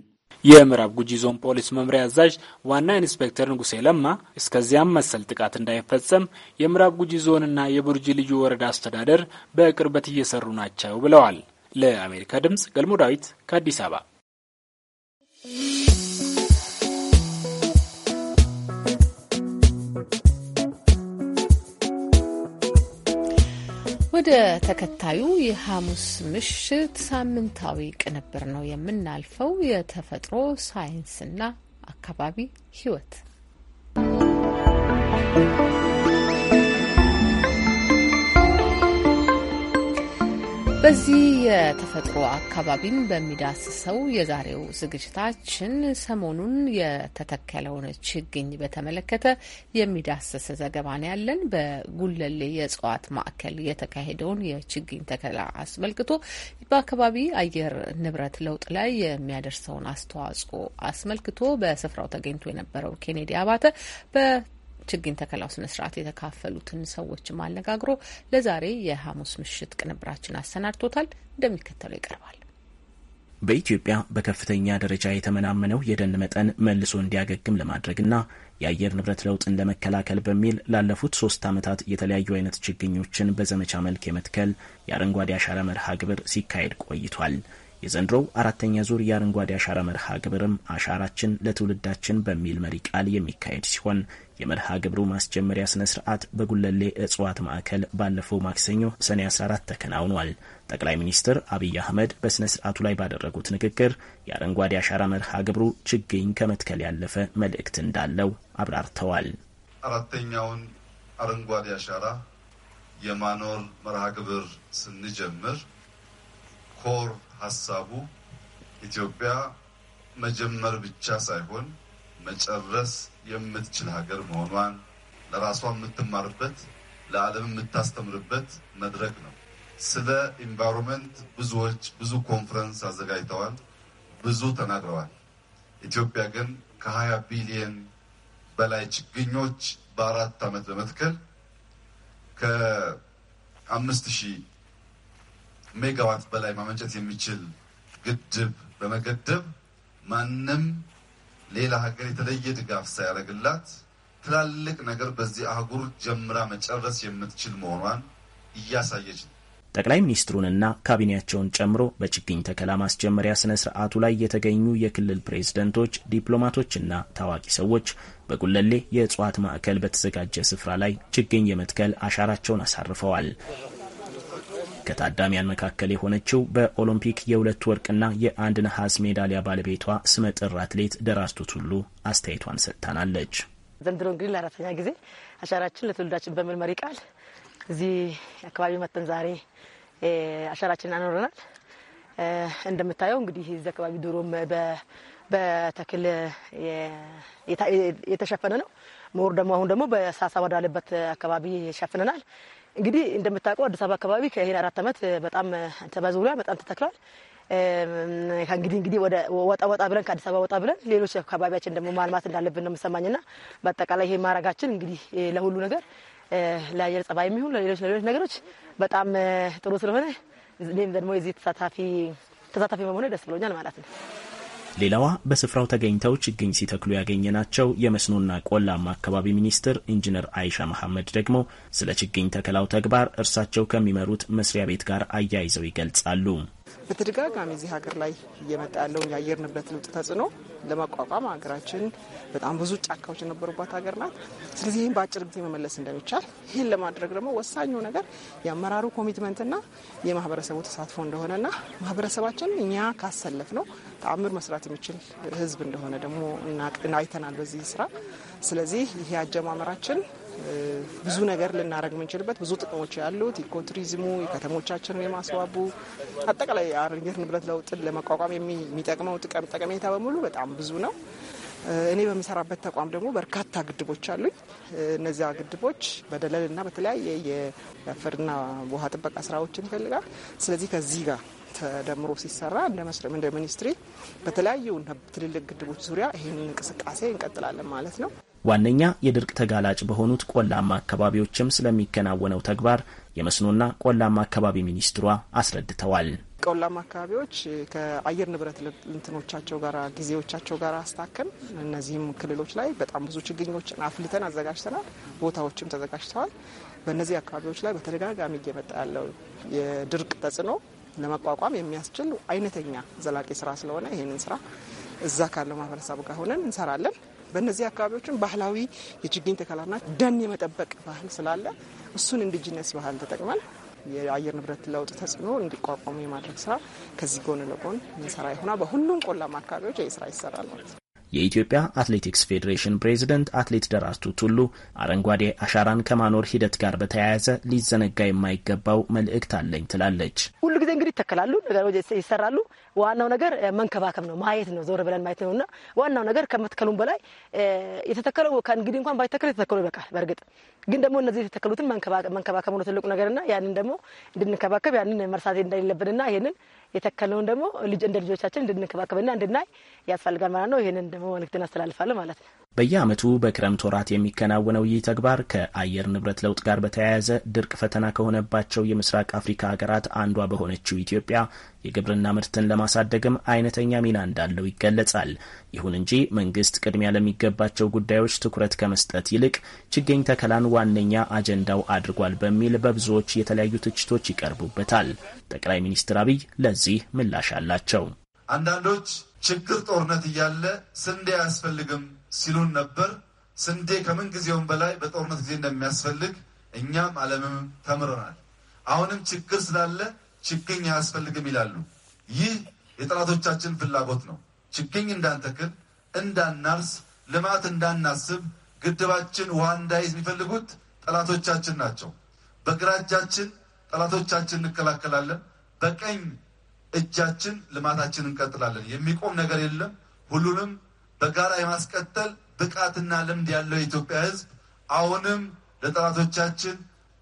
የምዕራብ ጉጂ ዞን ፖሊስ መምሪያ አዛዥ ዋና ኢንስፔክተር ንጉሴ ለማ እስከዚያም መሰል ጥቃት እንዳይፈጸም የምዕራብ ጉጂ ዞንና የቡርጂ ልዩ ወረዳ አስተዳደር በቅርበት እየሰሩ ናቸው ብለዋል። ለአሜሪካ ድምጽ ገልሞ ዳዊት ከአዲስ አበባ ወደ ተከታዩ የሐሙስ ምሽት ሳምንታዊ ቅንብር ነው የምናልፈው። የተፈጥሮ ሳይንስና አካባቢ ሕይወት በዚህ የተፈጥሮ አካባቢን በሚዳስሰው የዛሬው ዝግጅታችን ሰሞኑን የተተከለውን ችግኝ በተመለከተ የሚዳስስ ዘገባን ያለን። በጉለሌ የእጽዋት ማዕከል የተካሄደውን የችግኝ ተከላ አስመልክቶ በአካባቢ አየር ንብረት ለውጥ ላይ የሚያደርሰውን አስተዋጽኦ አስመልክቶ በስፍራው ተገኝቶ የነበረው ኬኔዲ አባተ ችግኝ ተከላው ስነ ስርዓት የተካፈሉትን ሰዎችም አነጋግሮ ለዛሬ የሐሙስ ምሽት ቅንብራችን አሰናድቶታል። እንደሚከተለው ይቀርባል። በኢትዮጵያ በከፍተኛ ደረጃ የተመናመነው የደን መጠን መልሶ እንዲያገግም ለማድረግና የአየር ንብረት ለውጥን ለመከላከል በሚል ላለፉት ሶስት ዓመታት የተለያዩ አይነት ችግኞችን በዘመቻ መልክ የመትከል የአረንጓዴ አሻራ መርሃ ግብር ሲካሄድ ቆይቷል። የዘንድሮው አራተኛ ዙር የአረንጓዴ አሻራ መርሃ ግብርም አሻራችን ለትውልዳችን በሚል መሪ ቃል የሚካሄድ ሲሆን የመርሃ ግብሩ ማስጀመሪያ ስነ ስርዓት በጉለሌ እጽዋት ማዕከል ባለፈው ማክሰኞ ሰኔ 14 ተከናውኗል። ጠቅላይ ሚኒስትር አብይ አህመድ በስነ ስርዓቱ ላይ ባደረጉት ንግግር የአረንጓዴ አሻራ መርሃ ግብሩ ችግኝ ከመትከል ያለፈ መልእክት እንዳለው አብራርተዋል። አራተኛውን አረንጓዴ አሻራ የማኖር መርሃ ግብር ስንጀምር ኮር ሀሳቡ ኢትዮጵያ መጀመር ብቻ ሳይሆን መጨረስ የምትችል ሀገር መሆኗን ለራሷ የምትማርበት ለዓለም የምታስተምርበት መድረክ ነው። ስለ ኢንቫይሮንመንት ብዙዎች ብዙ ኮንፈረንስ አዘጋጅተዋል፣ ብዙ ተናግረዋል። ኢትዮጵያ ግን ከ20 ቢሊየን በላይ ችግኞች በአራት ዓመት በመትከል ከአምስት ሺህ ሜጋዋት በላይ ማመንጨት የሚችል ግድብ በመገደብ ማንም ሌላ ሀገር የተለየ ድጋፍ ሳያደርግላት ትላልቅ ነገር በዚህ አህጉር ጀምራ መጨረስ የምትችል መሆኗን እያሳየች ነው። ጠቅላይ ሚኒስትሩንና ካቢኔያቸውን ጨምሮ በችግኝ ተከላ ማስጀመሪያ ስነ ስርዓቱ ላይ የተገኙ የክልል ፕሬዝደንቶች፣ ዲፕሎማቶችና ታዋቂ ሰዎች በጉለሌ የእጽዋት ማዕከል በተዘጋጀ ስፍራ ላይ ችግኝ የመትከል አሻራቸውን አሳርፈዋል። ከታዳሚያን መካከል የሆነችው በኦሎምፒክ የሁለት ወርቅና የአንድ ነሐስ ሜዳሊያ ባለቤቷ ስመጥር አትሌት ደራርቱ ቱሉ አስተያየቷን ሰጥታናለች። ዘንድሮ እንግዲህ ለአራተኛ ጊዜ አሻራችን ለትውልዳችን በሚል መሪ ቃል እዚህ አካባቢ መጥተን ዛሬ አሻራችን አኖረናል። እንደምታየው እንግዲህ እዚህ አካባቢ ድሮም በተክል የተሸፈነ ነው። ምሁር ደግሞ አሁን ደግሞ በሳሳ ወዳለበት አካባቢ ሸፍነናል። እንግዲህ እንደምታውቀው አዲስ አበባ አካባቢ ከይሄን አራት ዓመት በጣም ተበዙሪያ በጣም ተተክሏል። እንግዲህ እንግዲህ ወደ ወጣ ወጣ ብለን ከአዲስ አበባ ወጣ ብለን ሌሎች አካባቢያችን ደግሞ ማልማት እንዳለብን ነው የምሰማኝና በአጠቃላይ ይሄ ማድረጋችን እንግዲህ ለሁሉ ነገር ለአየር ጸባይ የሚሆን ለሌሎች ለሌሎች ነገሮች በጣም ጥሩ ስለሆነ እኔም ደግሞ የዚህ ተሳታፊ ተሳታፊ ደስ ብሎኛል ማለት ነው። ሌላዋ በስፍራው ተገኝተው ችግኝ ሲተክሉ ያገኘ ናቸው የመስኖና ቆላማ አካባቢ ሚኒስትር ኢንጂነር አይሻ መሐመድ ደግሞ ስለ ችግኝ ተከላው ተግባር እርሳቸው ከሚመሩት መስሪያ ቤት ጋር አያይዘው ይገልጻሉ። በተደጋጋሚ እዚህ ሀገር ላይ እየመጣ ያለውን የአየር ንብረት ለውጥ ተጽዕኖ ለመቋቋም ሀገራችን በጣም ብዙ ጫካዎች የነበሩባት ሀገር ናት። ስለዚህ ይህን በአጭር ጊዜ መመለስ እንደሚቻል ይህን ለማድረግ ደግሞ ወሳኙ ነገር የአመራሩ ኮሚትመንትና የማህበረሰቡ ተሳትፎ እንደሆነና ማህበረሰባችን እኛ ካሰለፍ ነው ተአምር መስራት የሚችል ህዝብ እንደሆነ ደግሞ አይተናል በዚህ ስራ። ስለዚህ ይሄ አጀማመራችን ብዙ ነገር ልናደረግ የምንችልበት ብዙ ጥቅሞች ያሉት ኢኮቱሪዝሙ የከተሞቻችንን የማስዋቡ አጠቃላይ የአየር ንብረት ለውጥን ለመቋቋም የሚጠቅመው ጠቀሜታ በሙሉ በጣም ብዙ ነው። እኔ በምሰራበት ተቋም ደግሞ በርካታ ግድቦች አሉኝ። እነዚያ ግድቦች በደለልና በተለያየ የአፈርና ውሃ ጥበቃ ስራዎችን ይፈልጋል። ስለዚህ ከዚህ ጋር ተደምሮ ሲሰራ እንደ መስሪያ እንደ ሚኒስትሪ በተለያዩ ትልልቅ ግድቦች ዙሪያ ይህንን እንቅስቃሴ እንቀጥላለን ማለት ነው። ዋነኛ የድርቅ ተጋላጭ በሆኑት ቆላማ አካባቢዎችም ስለሚከናወነው ተግባር የመስኖና ቆላማ አካባቢ ሚኒስትሯ አስረድተዋል። ቆላማ አካባቢዎች ከአየር ንብረት ልንትኖቻቸው ጋር ጊዜዎቻቸው ጋር አስታከን እነዚህም ክልሎች ላይ በጣም ብዙ ችግኞችን አፍልተን አዘጋጅተናል። ቦታዎችም ተዘጋጅተዋል። በእነዚህ አካባቢዎች ላይ በተደጋጋሚ እየመጣ ያለው የድርቅ ተጽዕኖ ለመቋቋም የሚያስችል አይነተኛ ዘላቂ ስራ ስለሆነ ይህንን ስራ እዛ ካለው ማህበረሰብ ጋር ሆነን እንሰራለን። በእነዚህ አካባቢዎችም ባህላዊ የችግኝ ተከላና ደን የመጠበቅ ባህል ስላለ እሱን ኢንዲጂነስ ባህል ተጠቅመን የአየር ንብረት ለውጥ ተጽዕኖ እንዲቋቋሙ የማድረግ ስራ ከዚህ ጎን ለጎን እንሰራ ይሆናል። በሁሉም ቆላማ አካባቢዎች ይህ ስራ ይሰራል ማለት ነው። የኢትዮጵያ አትሌቲክስ ፌዴሬሽን ፕሬዝደንት አትሌት ደራርቱ ቱሉ አረንጓዴ አሻራን ከማኖር ሂደት ጋር በተያያዘ ሊዘነጋ የማይገባው መልእክት አለኝ ትላለች። ሁሉ ጊዜ እንግዲህ ይተከላሉ፣ ነገሮች ይሰራሉ። ዋናው ነገር መንከባከብ ነው፣ ማየት ነው፣ ዞር ብለን ማየት ነውና ዋናው ነገር ከመትከሉም በላይ የተተከለው ከእንግዲህ እንኳን ባይተከል የተተከለው ይበቃል። በእርግጥ ግን ደግሞ እነዚህ የተተከሉትን መንከባከብ ነው ትልቁ ነገርና ያንን ደግሞ እንድንከባከብ ያንን መርሳት እንደሌለብንና ይሄንን የተከለውን ደግሞ እንደ ልጆቻችን እንድንከባከብና እንድናይ ያስፈልጋል ማለት ነው። ይሄንን ደግሞ መልእክትን አስተላልፋለሁ ማለት ነው። በየዓመቱ በክረምት ወራት የሚከናወነው ይህ ተግባር ከአየር ንብረት ለውጥ ጋር በተያያዘ ድርቅ ፈተና ከሆነባቸው የምስራቅ አፍሪካ ሀገራት አንዷ በሆነችው ኢትዮጵያ የግብርና ምርትን ለማሳደግም አይነተኛ ሚና እንዳለው ይገለጻል። ይሁን እንጂ መንግስት ቅድሚያ ለሚገባቸው ጉዳዮች ትኩረት ከመስጠት ይልቅ ችግኝ ተከላን ዋነኛ አጀንዳው አድርጓል በሚል በብዙዎች የተለያዩ ትችቶች ይቀርቡበታል። ጠቅላይ ሚኒስትር አብይ ለዚህ ምላሽ አላቸው። አንዳንዶች ችግር፣ ጦርነት እያለ ስንዴ አያስፈልግም ሲሉን ነበር። ስንዴ ከምን ጊዜውም በላይ በጦርነት ጊዜ እንደሚያስፈልግ እኛም ዓለምም ተምረናል። አሁንም ችግር ስላለ ችግኝ አያስፈልግም ይላሉ። ይህ የጠላቶቻችን ፍላጎት ነው። ችግኝ እንዳንተክል፣ እንዳናርስ፣ ልማት እንዳናስብ፣ ግድባችን ውሃ እንዳይዝ የሚፈልጉት ጠላቶቻችን ናቸው። በግራ እጃችን ጠላቶቻችን እንከላከላለን፣ በቀኝ እጃችን ልማታችን እንቀጥላለን። የሚቆም ነገር የለም። ሁሉንም በጋራ የማስቀጠል ብቃትና ልምድ ያለው የኢትዮጵያ ሕዝብ አሁንም ለጠላቶቻችን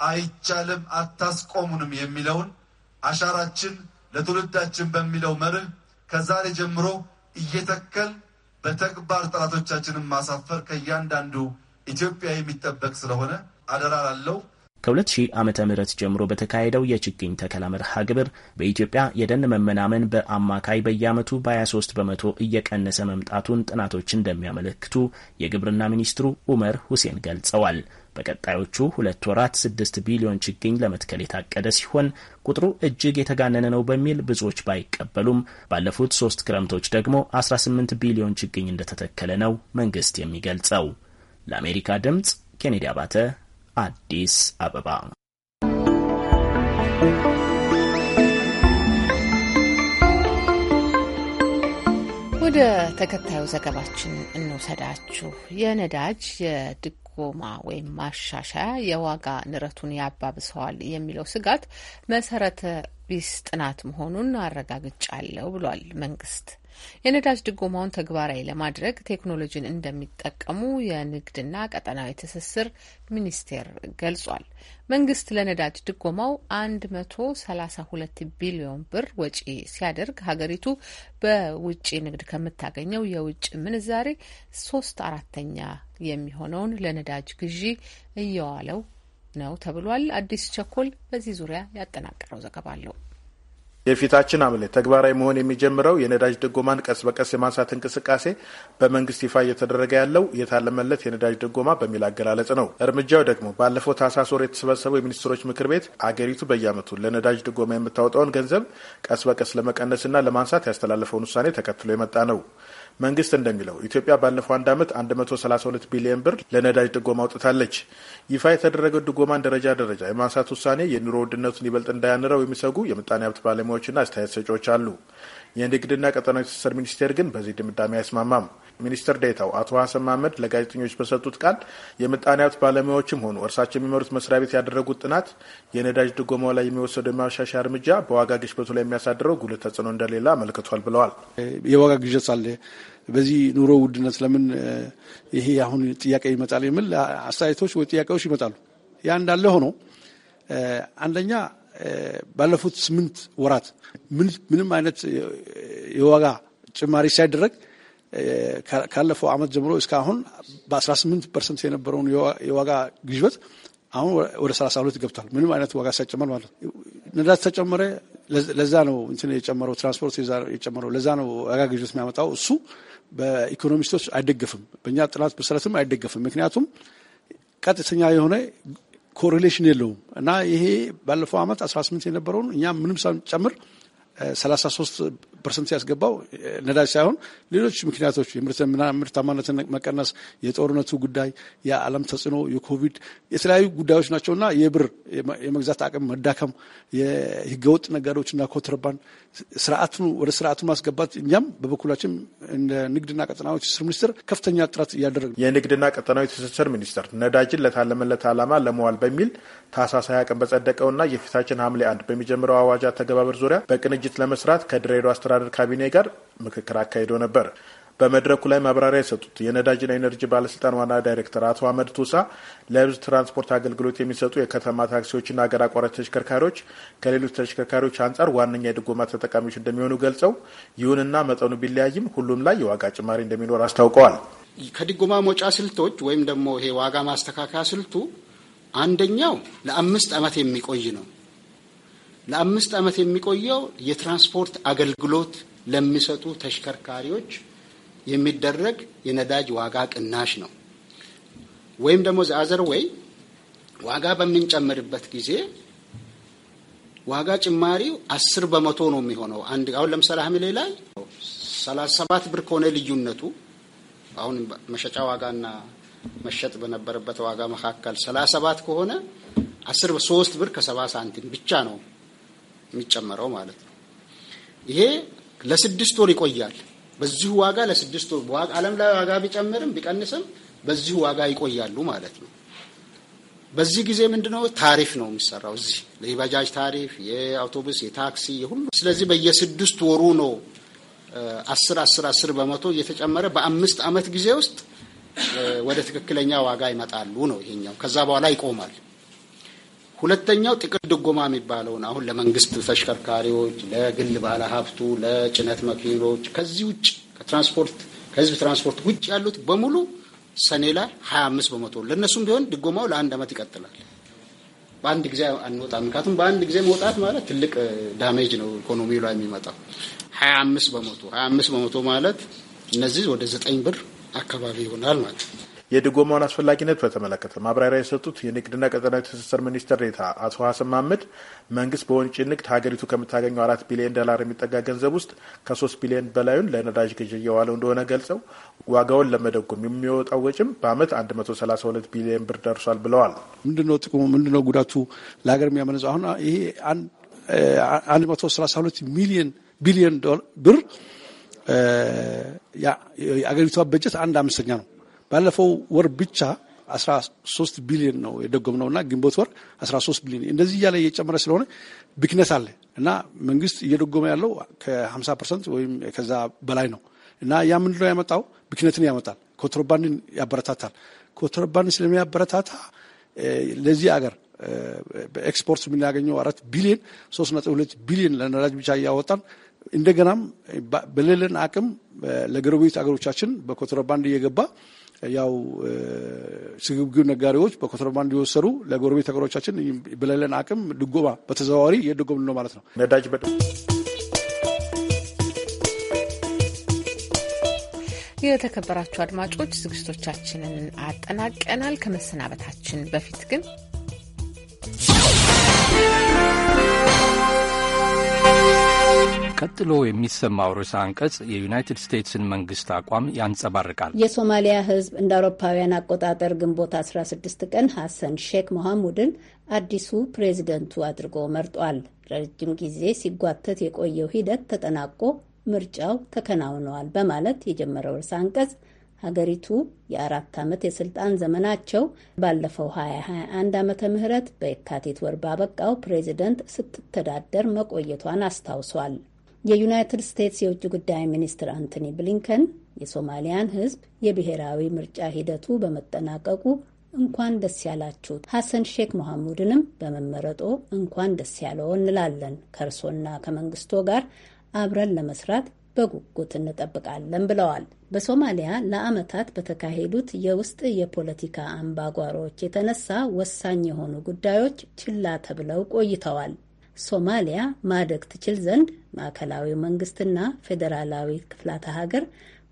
አይቻልም አታስቆሙንም የሚለውን አሻራችን ለትውልዳችን በሚለው መርህ ከዛሬ ጀምሮ እየተከል በተግባር ጠላቶቻችንን ማሳፈር ከእያንዳንዱ ኢትዮጵያ የሚጠበቅ ስለሆነ አደራ ላለው ከ2000 ዓ ም ጀምሮ በተካሄደው የችግኝ ተከላ መርሃ ግብር በኢትዮጵያ የደን መመናመን በአማካይ በየዓመቱ በ23 በመቶ እየቀነሰ መምጣቱን ጥናቶች እንደሚያመለክቱ የግብርና ሚኒስትሩ ኡመር ሁሴን ገልጸዋል። በቀጣዮቹ ሁለት ወራት 6 ቢሊዮን ችግኝ ለመትከል የታቀደ ሲሆን ቁጥሩ እጅግ የተጋነነ ነው በሚል ብዙዎች ባይቀበሉም ባለፉት ሶስት ክረምቶች ደግሞ 18 ቢሊዮን ችግኝ እንደተተከለ ነው መንግስት የሚገልጸው። ለአሜሪካ ድምፅ ኬኔዲ አባተ አዲስ አበባ ወደ ተከታዩ ዘገባችን እንውሰዳችሁ። የነዳጅ የድጎማ ወይም ማሻሻያ የዋጋ ንረቱን ያባብሰዋል የሚለው ስጋት መሰረተ ቢስ ጥናት መሆኑን አረጋግጫለሁ ብሏል መንግስት። የነዳጅ ድጎማውን ተግባራዊ ለማድረግ ቴክኖሎጂን እንደሚጠቀሙ የንግድና ቀጠናዊ ትስስር ሚኒስቴር ገልጿል። መንግስት ለነዳጅ ድጎማው አንድ መቶ ሰላሳ ሁለት ቢሊዮን ብር ወጪ ሲያደርግ ሀገሪቱ በውጭ ንግድ ከምታገኘው የውጭ ምንዛሬ ሶስት አራተኛ የሚሆነውን ለነዳጅ ግዢ እየዋለው ነው ተብሏል። አዲስ ቸኮል በዚህ ዙሪያ ያጠናቀረው ዘገባ አለው። የፊታችን ሐምሌ ተግባራዊ መሆን የሚጀምረው የነዳጅ ድጎማን ቀስ በቀስ የማንሳት እንቅስቃሴ በመንግስት ይፋ እየተደረገ ያለው የታለመለት የነዳጅ ድጎማ በሚል አገላለጽ ነው። እርምጃው ደግሞ ባለፈው ታህሳስ ወር የተሰበሰበው የሚኒስትሮች ምክር ቤት አገሪቱ በየዓመቱ ለነዳጅ ድጎማ የምታወጣውን ገንዘብ ቀስ በቀስ ለመቀነስና ለማንሳት ያስተላለፈውን ውሳኔ ተከትሎ የመጣ ነው። መንግስት እንደሚለው ኢትዮጵያ ባለፈው አንድ ዓመት 132 ቢሊዮን ብር ለነዳጅ ድጎማ አውጥታለች። ይፋ የተደረገው ድጎማን ደረጃ ደረጃ የማንሳት ውሳኔ የኑሮ ውድነቱን ይበልጥ እንዳያንረው የሚሰጉ የምጣኔ ሀብት ባለሙያዎችና አስተያየት ሰጪዎች አሉ። የንግድና ቀጠናዊ ትስስር ሚኒስቴር ግን በዚህ ድምዳሜ አይስማማም። ሚኒስትር ዴታው አቶ ሀሰን ማመድ ለጋዜጠኞች በሰጡት ቃል የምጣኔ ሀብት ባለሙያዎችም ሆኑ እርሳቸው የሚመሩት መስሪያ ቤት ያደረጉት ጥናት የነዳጅ ድጎማው ላይ የሚወሰደው የማሻሻያ እርምጃ በዋጋ ግሽበቱ ላይ የሚያሳድረው ጉልህ ተጽዕኖ እንደሌለ አመልክቷል ብለዋል። የዋጋ ግሽበት አለ። በዚህ ኑሮ ውድነት ለምን ይሄ አሁን ጥያቄ ይመጣል የሚል አስተያየቶች ወይ ጥያቄዎች ይመጣሉ። ያ እንዳለ ሆኖ አንደኛ ባለፉት ስምንት ወራት ምንም አይነት የዋጋ ጭማሪ ሳይደረግ ካለፈው አመት ጀምሮ እስከ አሁን በ18 ፐርሰንት የነበረውን የዋጋ ግሽበት አሁን ወደ 32 ገብቷል። ምንም አይነት ዋጋ ሳይጨመር ማለት ነው። ነዳጅ ተጨመረ። ለዛ ነው እንትን የጨመረው ትራንስፖርት የጨመረው ለዛ ነው ዋጋ ግሽበት የሚያመጣው። እሱ በኢኮኖሚስቶች አይደገፍም፣ በእኛ ጥናት መሰረትም አይደገፍም። ምክንያቱም ቀጥተኛ የሆነ ኮሪሌሽን የለውም እና ይሄ ባለፈው ዓመት 18 የነበረውን እኛ ምንም ሳንጨምር 33 ፐርሰንት ሲያስገባው ነዳጅ ሳይሆን ሌሎች ምክንያቶች የምርታማነትን መቀነስ፣ የጦርነቱ ጉዳይ፣ የዓለም ተጽዕኖ፣ የኮቪድ የተለያዩ ጉዳዮች ናቸውና የብር የመግዛት አቅም መዳከም፣ የህገወጥ ነጋዴዎችና ኮንትሮባንድ ስርዓቱ ወደ ስርዓቱ ማስገባት እኛም በበኩላችን እንደ ንግድና ቀጠናዊ ትስስር ሚኒስትር ከፍተኛ ጥረት እያደረግን የንግድና ቀጠናዊ ትስስር ሚኒስቴር ነዳጅን ለታለመለት ዓላማ ለመዋል በሚል ታሳሳይ አቅም ቀን በጸደቀውና የፊታችን ሐምሌ አንድ በሚጀምረው አዋጅ አተገባበር ዙሪያ በቅንጅት ለመስራት ከድሬዳዋ አስተዳደር ካቢኔ ጋር ምክክር አካሂዶ ነበር። በመድረኩ ላይ ማብራሪያ የሰጡት የነዳጅና ኤነርጂ ባለስልጣን ዋና ዳይሬክተር አቶ አህመድ ቱሳ ለህዝብ ትራንስፖርት አገልግሎት የሚሰጡ የከተማ ታክሲዎችና ሀገር አቋራጭ ተሽከርካሪዎች ከሌሎች ተሽከርካሪዎች አንጻር ዋነኛ የድጎማ ተጠቃሚዎች እንደሚሆኑ ገልጸው ይሁንና መጠኑ ቢለያይም ሁሉም ላይ የዋጋ ጭማሪ እንደሚኖር አስታውቀዋል። ከድጎማ መውጫ ስልቶች ወይም ደግሞ ይሄ ዋጋ ማስተካከያ ስልቱ አንደኛው ለአምስት ዓመት የሚቆይ ነው። ለአምስት ዓመት የሚቆየው የትራንስፖርት አገልግሎት ለሚሰጡ ተሽከርካሪዎች የሚደረግ የነዳጅ ዋጋ ቅናሽ ነው። ወይም ደግሞ ዘአዘር ወይ ዋጋ በምንጨምርበት ጊዜ ዋጋ ጭማሪው አስር በመቶ ነው የሚሆነው። አንድ አሁን ለምሳሌ ሐምሌ ላይ ሰላሳ ሰባት ብር ከሆነ ልዩነቱ አሁን መሸጫ ዋጋና መሸጥ በነበረበት ዋጋ መካከል ሰላሳ ሰባት ከሆነ አስር ሶስት ብር ከሰባ ሳንቲም ብቻ ነው የሚጨመረው ማለት ነው። ይሄ ለስድስት ወር ይቆያል። በዚሁ ዋጋ ለስድስት ወር ዓለም ላይ ዋጋ ቢጨምርም ቢቀንስም በዚሁ ዋጋ ይቆያሉ ማለት ነው። በዚህ ጊዜ ምንድነው ታሪፍ ነው የሚሰራው እዚህ የባጃጅ ታሪፍ፣ የአውቶቡስ፣ የታክሲ፣ የሁሉ ስለዚህ በየስድስት ወሩ ነው አስር አስር አስር በመቶ እየተጨመረ በአምስት ዓመት ጊዜ ውስጥ ወደ ትክክለኛ ዋጋ ይመጣሉ ነው ይሄኛው። ከዛ በኋላ ይቆማል። ሁለተኛው ጥቅል ድጎማ የሚባለውን አሁን ለመንግስት ተሽከርካሪዎች፣ ለግል ባለሀብቱ፣ ለጭነት መኪኖች ከዚህ ውጭ ከትራንስፖርት ከህዝብ ትራንስፖርት ውጭ ያሉት በሙሉ ሰኔ ላይ 25 በመቶ ለእነሱም ቢሆን ድጎማው ለአንድ ዓመት ይቀጥላል። በአንድ ጊዜ አንወጣም። ምክንያቱም በአንድ ጊዜ መውጣት ማለት ትልቅ ዳሜጅ ነው ኢኮኖሚ ላይ የሚመጣው። 25 በመቶ 25 በመቶ ማለት እነዚህ ወደ ዘጠኝ ብር አካባቢ ይሆናል ማለት ነው። የድጎማውን አስፈላጊነት በተመለከተ ማብራሪያ የሰጡት የንግድና ቀጠናዊ ትስስር ሚኒስትር ዴኤታ አቶ ሀሰን ማህመድ መንግስት በወንጭ ንግድ ሀገሪቱ ከምታገኘው አራት ቢሊዮን ዶላር የሚጠጋ ገንዘብ ውስጥ ከሶስት ቢሊዮን በላዩን ለነዳጅ ግዥ እየዋለው እንደሆነ ገልጸው ዋጋውን ለመደጎም የሚወጣው ወጪም በአመት 132 ቢሊዮን ብር ደርሷል ብለዋል። ምንድነው ጥቅሙ? ምንድነው ጉዳቱ? ለሀገር የሚያመነጽ አሁን ይሄ 132 ሚሊዮን ቢሊዮን ብር የአገሪቷ በጀት አንድ አምስተኛ ነው። ባለፈው ወር ብቻ 13 ቢሊዮን ነው እና ግንቦት ወር 13 ቢሊዮን እንደዚህ እያለ እየጨመረ ስለሆነ ብክነት አለ እና መንግስት እየደጎመ ያለው ከ50 ፐርሰንት ወይም ከዛ በላይ ነው እና ያ ምንድነው ያመጣው? ብክነትን ያመጣል። ኮንትሮባንድን ያበረታታል። ኮንትሮባንድን ስለሚያበረታታ ለዚህ አገር በኤክስፖርት የምናገኘው አራት ቢሊዮን ሶስት ነጥብ ሁለት ቢሊዮን ለነዳጅ ብቻ እያወጣን እንደገናም በሌለን አቅም ለጎረቤት አገሮቻችን በኮንትሮባንድ እየገባ ያው ስግብግብ ነጋዴዎች በኮንትሮባንድ እየወሰዱ ለጎረቤት ተገሮቻችን ብለለን አቅም ድጎማ በተዘዋዋሪ እየደጎምን ነው ማለት ነው። ነዳጅ በ የተከበራችሁ አድማጮች ዝግጅቶቻችንን አጠናቀናል። ከመሰናበታችን በፊት ግን ቀጥሎ የሚሰማው ርዕሰ አንቀጽ የዩናይትድ ስቴትስን መንግስት አቋም ያንጸባርቃል። የሶማሊያ ህዝብ እንደ አውሮፓውያን አቆጣጠር ግንቦት 16 ቀን ሐሰን ሼክ መሐሙድን አዲሱ ፕሬዚደንቱ አድርጎ መርጧል። ረጅም ጊዜ ሲጓተት የቆየው ሂደት ተጠናቆ ምርጫው ተከናውነዋል በማለት የጀመረው ርዕሰ አንቀጽ ሀገሪቱ የአራት ዓመት የስልጣን ዘመናቸው ባለፈው 2021 ዓመተ ምህረት በየካቲት ወር ባበቃው ፕሬዚደንት ስትተዳደር መቆየቷን አስታውሷል። የዩናይትድ ስቴትስ የውጭ ጉዳይ ሚኒስትር አንቶኒ ብሊንከን የሶማሊያን ሕዝብ የብሔራዊ ምርጫ ሂደቱ በመጠናቀቁ እንኳን ደስ ያላችሁ፣ ሐሰን ሼክ መሐሙድንም በመመረጦ እንኳን ደስ ያለው እንላለን። ከእርሶና ከመንግስቶ ጋር አብረን ለመስራት በጉጉት እንጠብቃለን ብለዋል። በሶማሊያ ለዓመታት በተካሄዱት የውስጥ የፖለቲካ አምባጓሮዎች የተነሳ ወሳኝ የሆኑ ጉዳዮች ችላ ተብለው ቆይተዋል። ሶማሊያ ማደግ ትችል ዘንድ ማዕከላዊው መንግስትና ፌዴራላዊ ክፍላተ ሀገር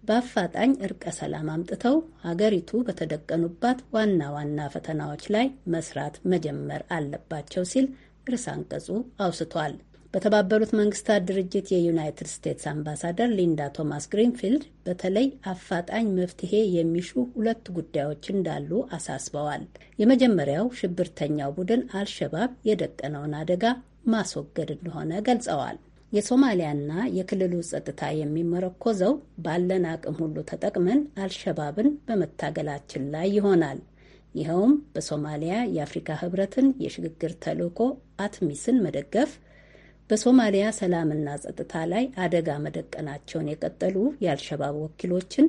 በአፋጣኝ እርቀ ሰላም አምጥተው ሀገሪቱ በተደቀኑባት ዋና ዋና ፈተናዎች ላይ መስራት መጀመር አለባቸው ሲል ርዕሰ አንቀጹ አውስቷል። በተባበሩት መንግስታት ድርጅት የዩናይትድ ስቴትስ አምባሳደር ሊንዳ ቶማስ ግሪንፊልድ በተለይ አፋጣኝ መፍትሄ የሚሹ ሁለት ጉዳዮች እንዳሉ አሳስበዋል። የመጀመሪያው ሽብርተኛው ቡድን አልሸባብ የደቀነውን አደጋ ማስወገድ እንደሆነ ገልጸዋል። የሶማሊያና የክልሉ ጸጥታ የሚመረኮዘው ባለን አቅም ሁሉ ተጠቅመን አልሸባብን በመታገላችን ላይ ይሆናል። ይኸውም በሶማሊያ የአፍሪካ ህብረትን የሽግግር ተልዕኮ አትሚስን መደገፍ፣ በሶማሊያ ሰላምና ጸጥታ ላይ አደጋ መደቀናቸውን የቀጠሉ የአልሸባብ ወኪሎችን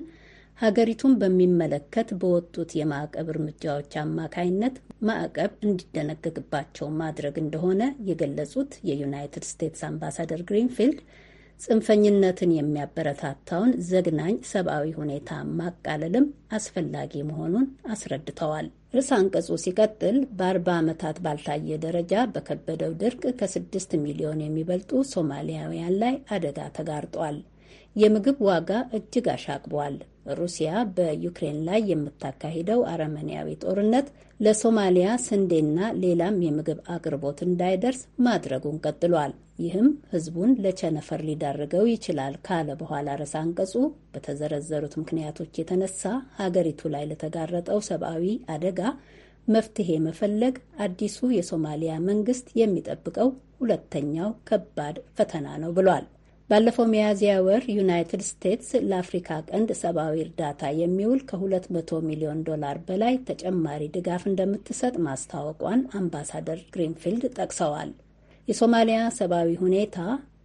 ሀገሪቱን በሚመለከት በወጡት የማዕቀብ እርምጃዎች አማካይነት ማዕቀብ እንዲደነገግባቸው ማድረግ እንደሆነ የገለጹት የዩናይትድ ስቴትስ አምባሳደር ግሪንፊልድ ጽንፈኝነትን የሚያበረታታውን ዘግናኝ ሰብአዊ ሁኔታ ማቃለልም አስፈላጊ መሆኑን አስረድተዋል። ርዕስ አንቀጹ ሲቀጥል በአርባ ዓመታት ባልታየ ደረጃ በከበደው ድርቅ ከስድስት ሚሊዮን የሚበልጡ ሶማሊያውያን ላይ አደጋ ተጋርጧል። የምግብ ዋጋ እጅግ አሻቅቧል። ሩሲያ በዩክሬን ላይ የምታካሂደው አረመኔያዊ ጦርነት ለሶማሊያ ስንዴና ሌላም የምግብ አቅርቦት እንዳይደርስ ማድረጉን ቀጥሏል። ይህም ሕዝቡን ለቸነፈር ሊዳርገው ይችላል ካለ በኋላ ርዕሰ አንቀጹ በተዘረዘሩት ምክንያቶች የተነሳ ሀገሪቱ ላይ ለተጋረጠው ሰብአዊ አደጋ መፍትሄ መፈለግ አዲሱ የሶማሊያ መንግስት የሚጠብቀው ሁለተኛው ከባድ ፈተና ነው ብሏል። ባለፈው ሚያዝያ ወር ዩናይትድ ስቴትስ ለአፍሪካ ቀንድ ሰብአዊ እርዳታ የሚውል ከ200 ሚሊዮን ዶላር በላይ ተጨማሪ ድጋፍ እንደምትሰጥ ማስታወቋን አምባሳደር ግሪንፊልድ ጠቅሰዋል። የሶማሊያ ሰብአዊ ሁኔታ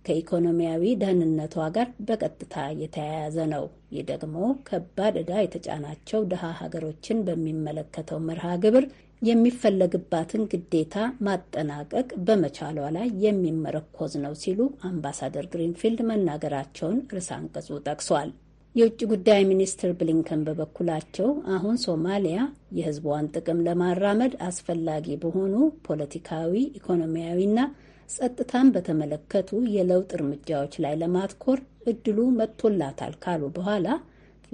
ከኢኮኖሚያዊ ደህንነቷ ጋር በቀጥታ የተያያዘ ነው። ይህ ደግሞ ከባድ ዕዳ የተጫናቸው ድሃ ሀገሮችን በሚመለከተው መርሃ ግብር የሚፈለግባትን ግዴታ ማጠናቀቅ በመቻሏ ላይ የሚመረኮዝ ነው ሲሉ አምባሳደር ግሪንፊልድ መናገራቸውን ርዕሰ አንቀጹ ጠቅሷል። የውጭ ጉዳይ ሚኒስትር ብሊንከን በበኩላቸው አሁን ሶማሊያ የሕዝቧን ጥቅም ለማራመድ አስፈላጊ በሆኑ ፖለቲካዊ፣ ኢኮኖሚያዊና ጸጥታን በተመለከቱ የለውጥ እርምጃዎች ላይ ለማትኮር እድሉ መጥቶላታል ካሉ በኋላ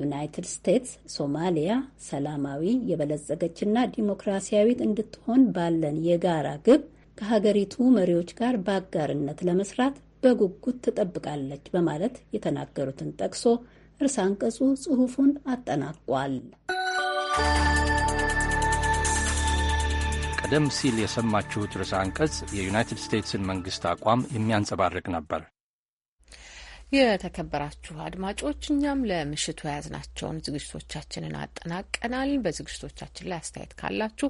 ዩናይትድ ስቴትስ ሶማሊያ ሰላማዊ የበለጸገችና ዲሞክራሲያዊት እንድትሆን ባለን የጋራ ግብ ከሀገሪቱ መሪዎች ጋር በአጋርነት ለመስራት በጉጉት ትጠብቃለች በማለት የተናገሩትን ጠቅሶ እርሳ አንቀጹ ጽሑፉን አጠናቋል። ቀደም ሲል የሰማችሁት ርዕሰ አንቀጽ የዩናይትድ ስቴትስን መንግሥት አቋም የሚያንጸባርቅ ነበር። የተከበራችሁ አድማጮች እኛም ለምሽቱ የያዝናቸውን ዝግጅቶቻችንን አጠናቀናል። በዝግጅቶቻችን ላይ አስተያየት ካላችሁ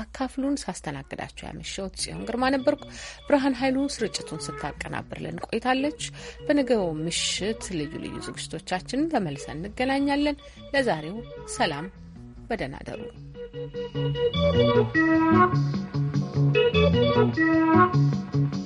አካፍሉን። ሳስተናግዳችሁ ያመሸሁት ጽዮን ግርማ ነበርኩ። ብርሃን ኃይሉ ስርጭቱን ስታቀናብርልን ቆይታለች። በነገው ምሽት ልዩ ልዩ ዝግጅቶቻችንን ተመልሰን እንገናኛለን። ለዛሬው ሰላም፣ በደህና ደሩ። Thank you.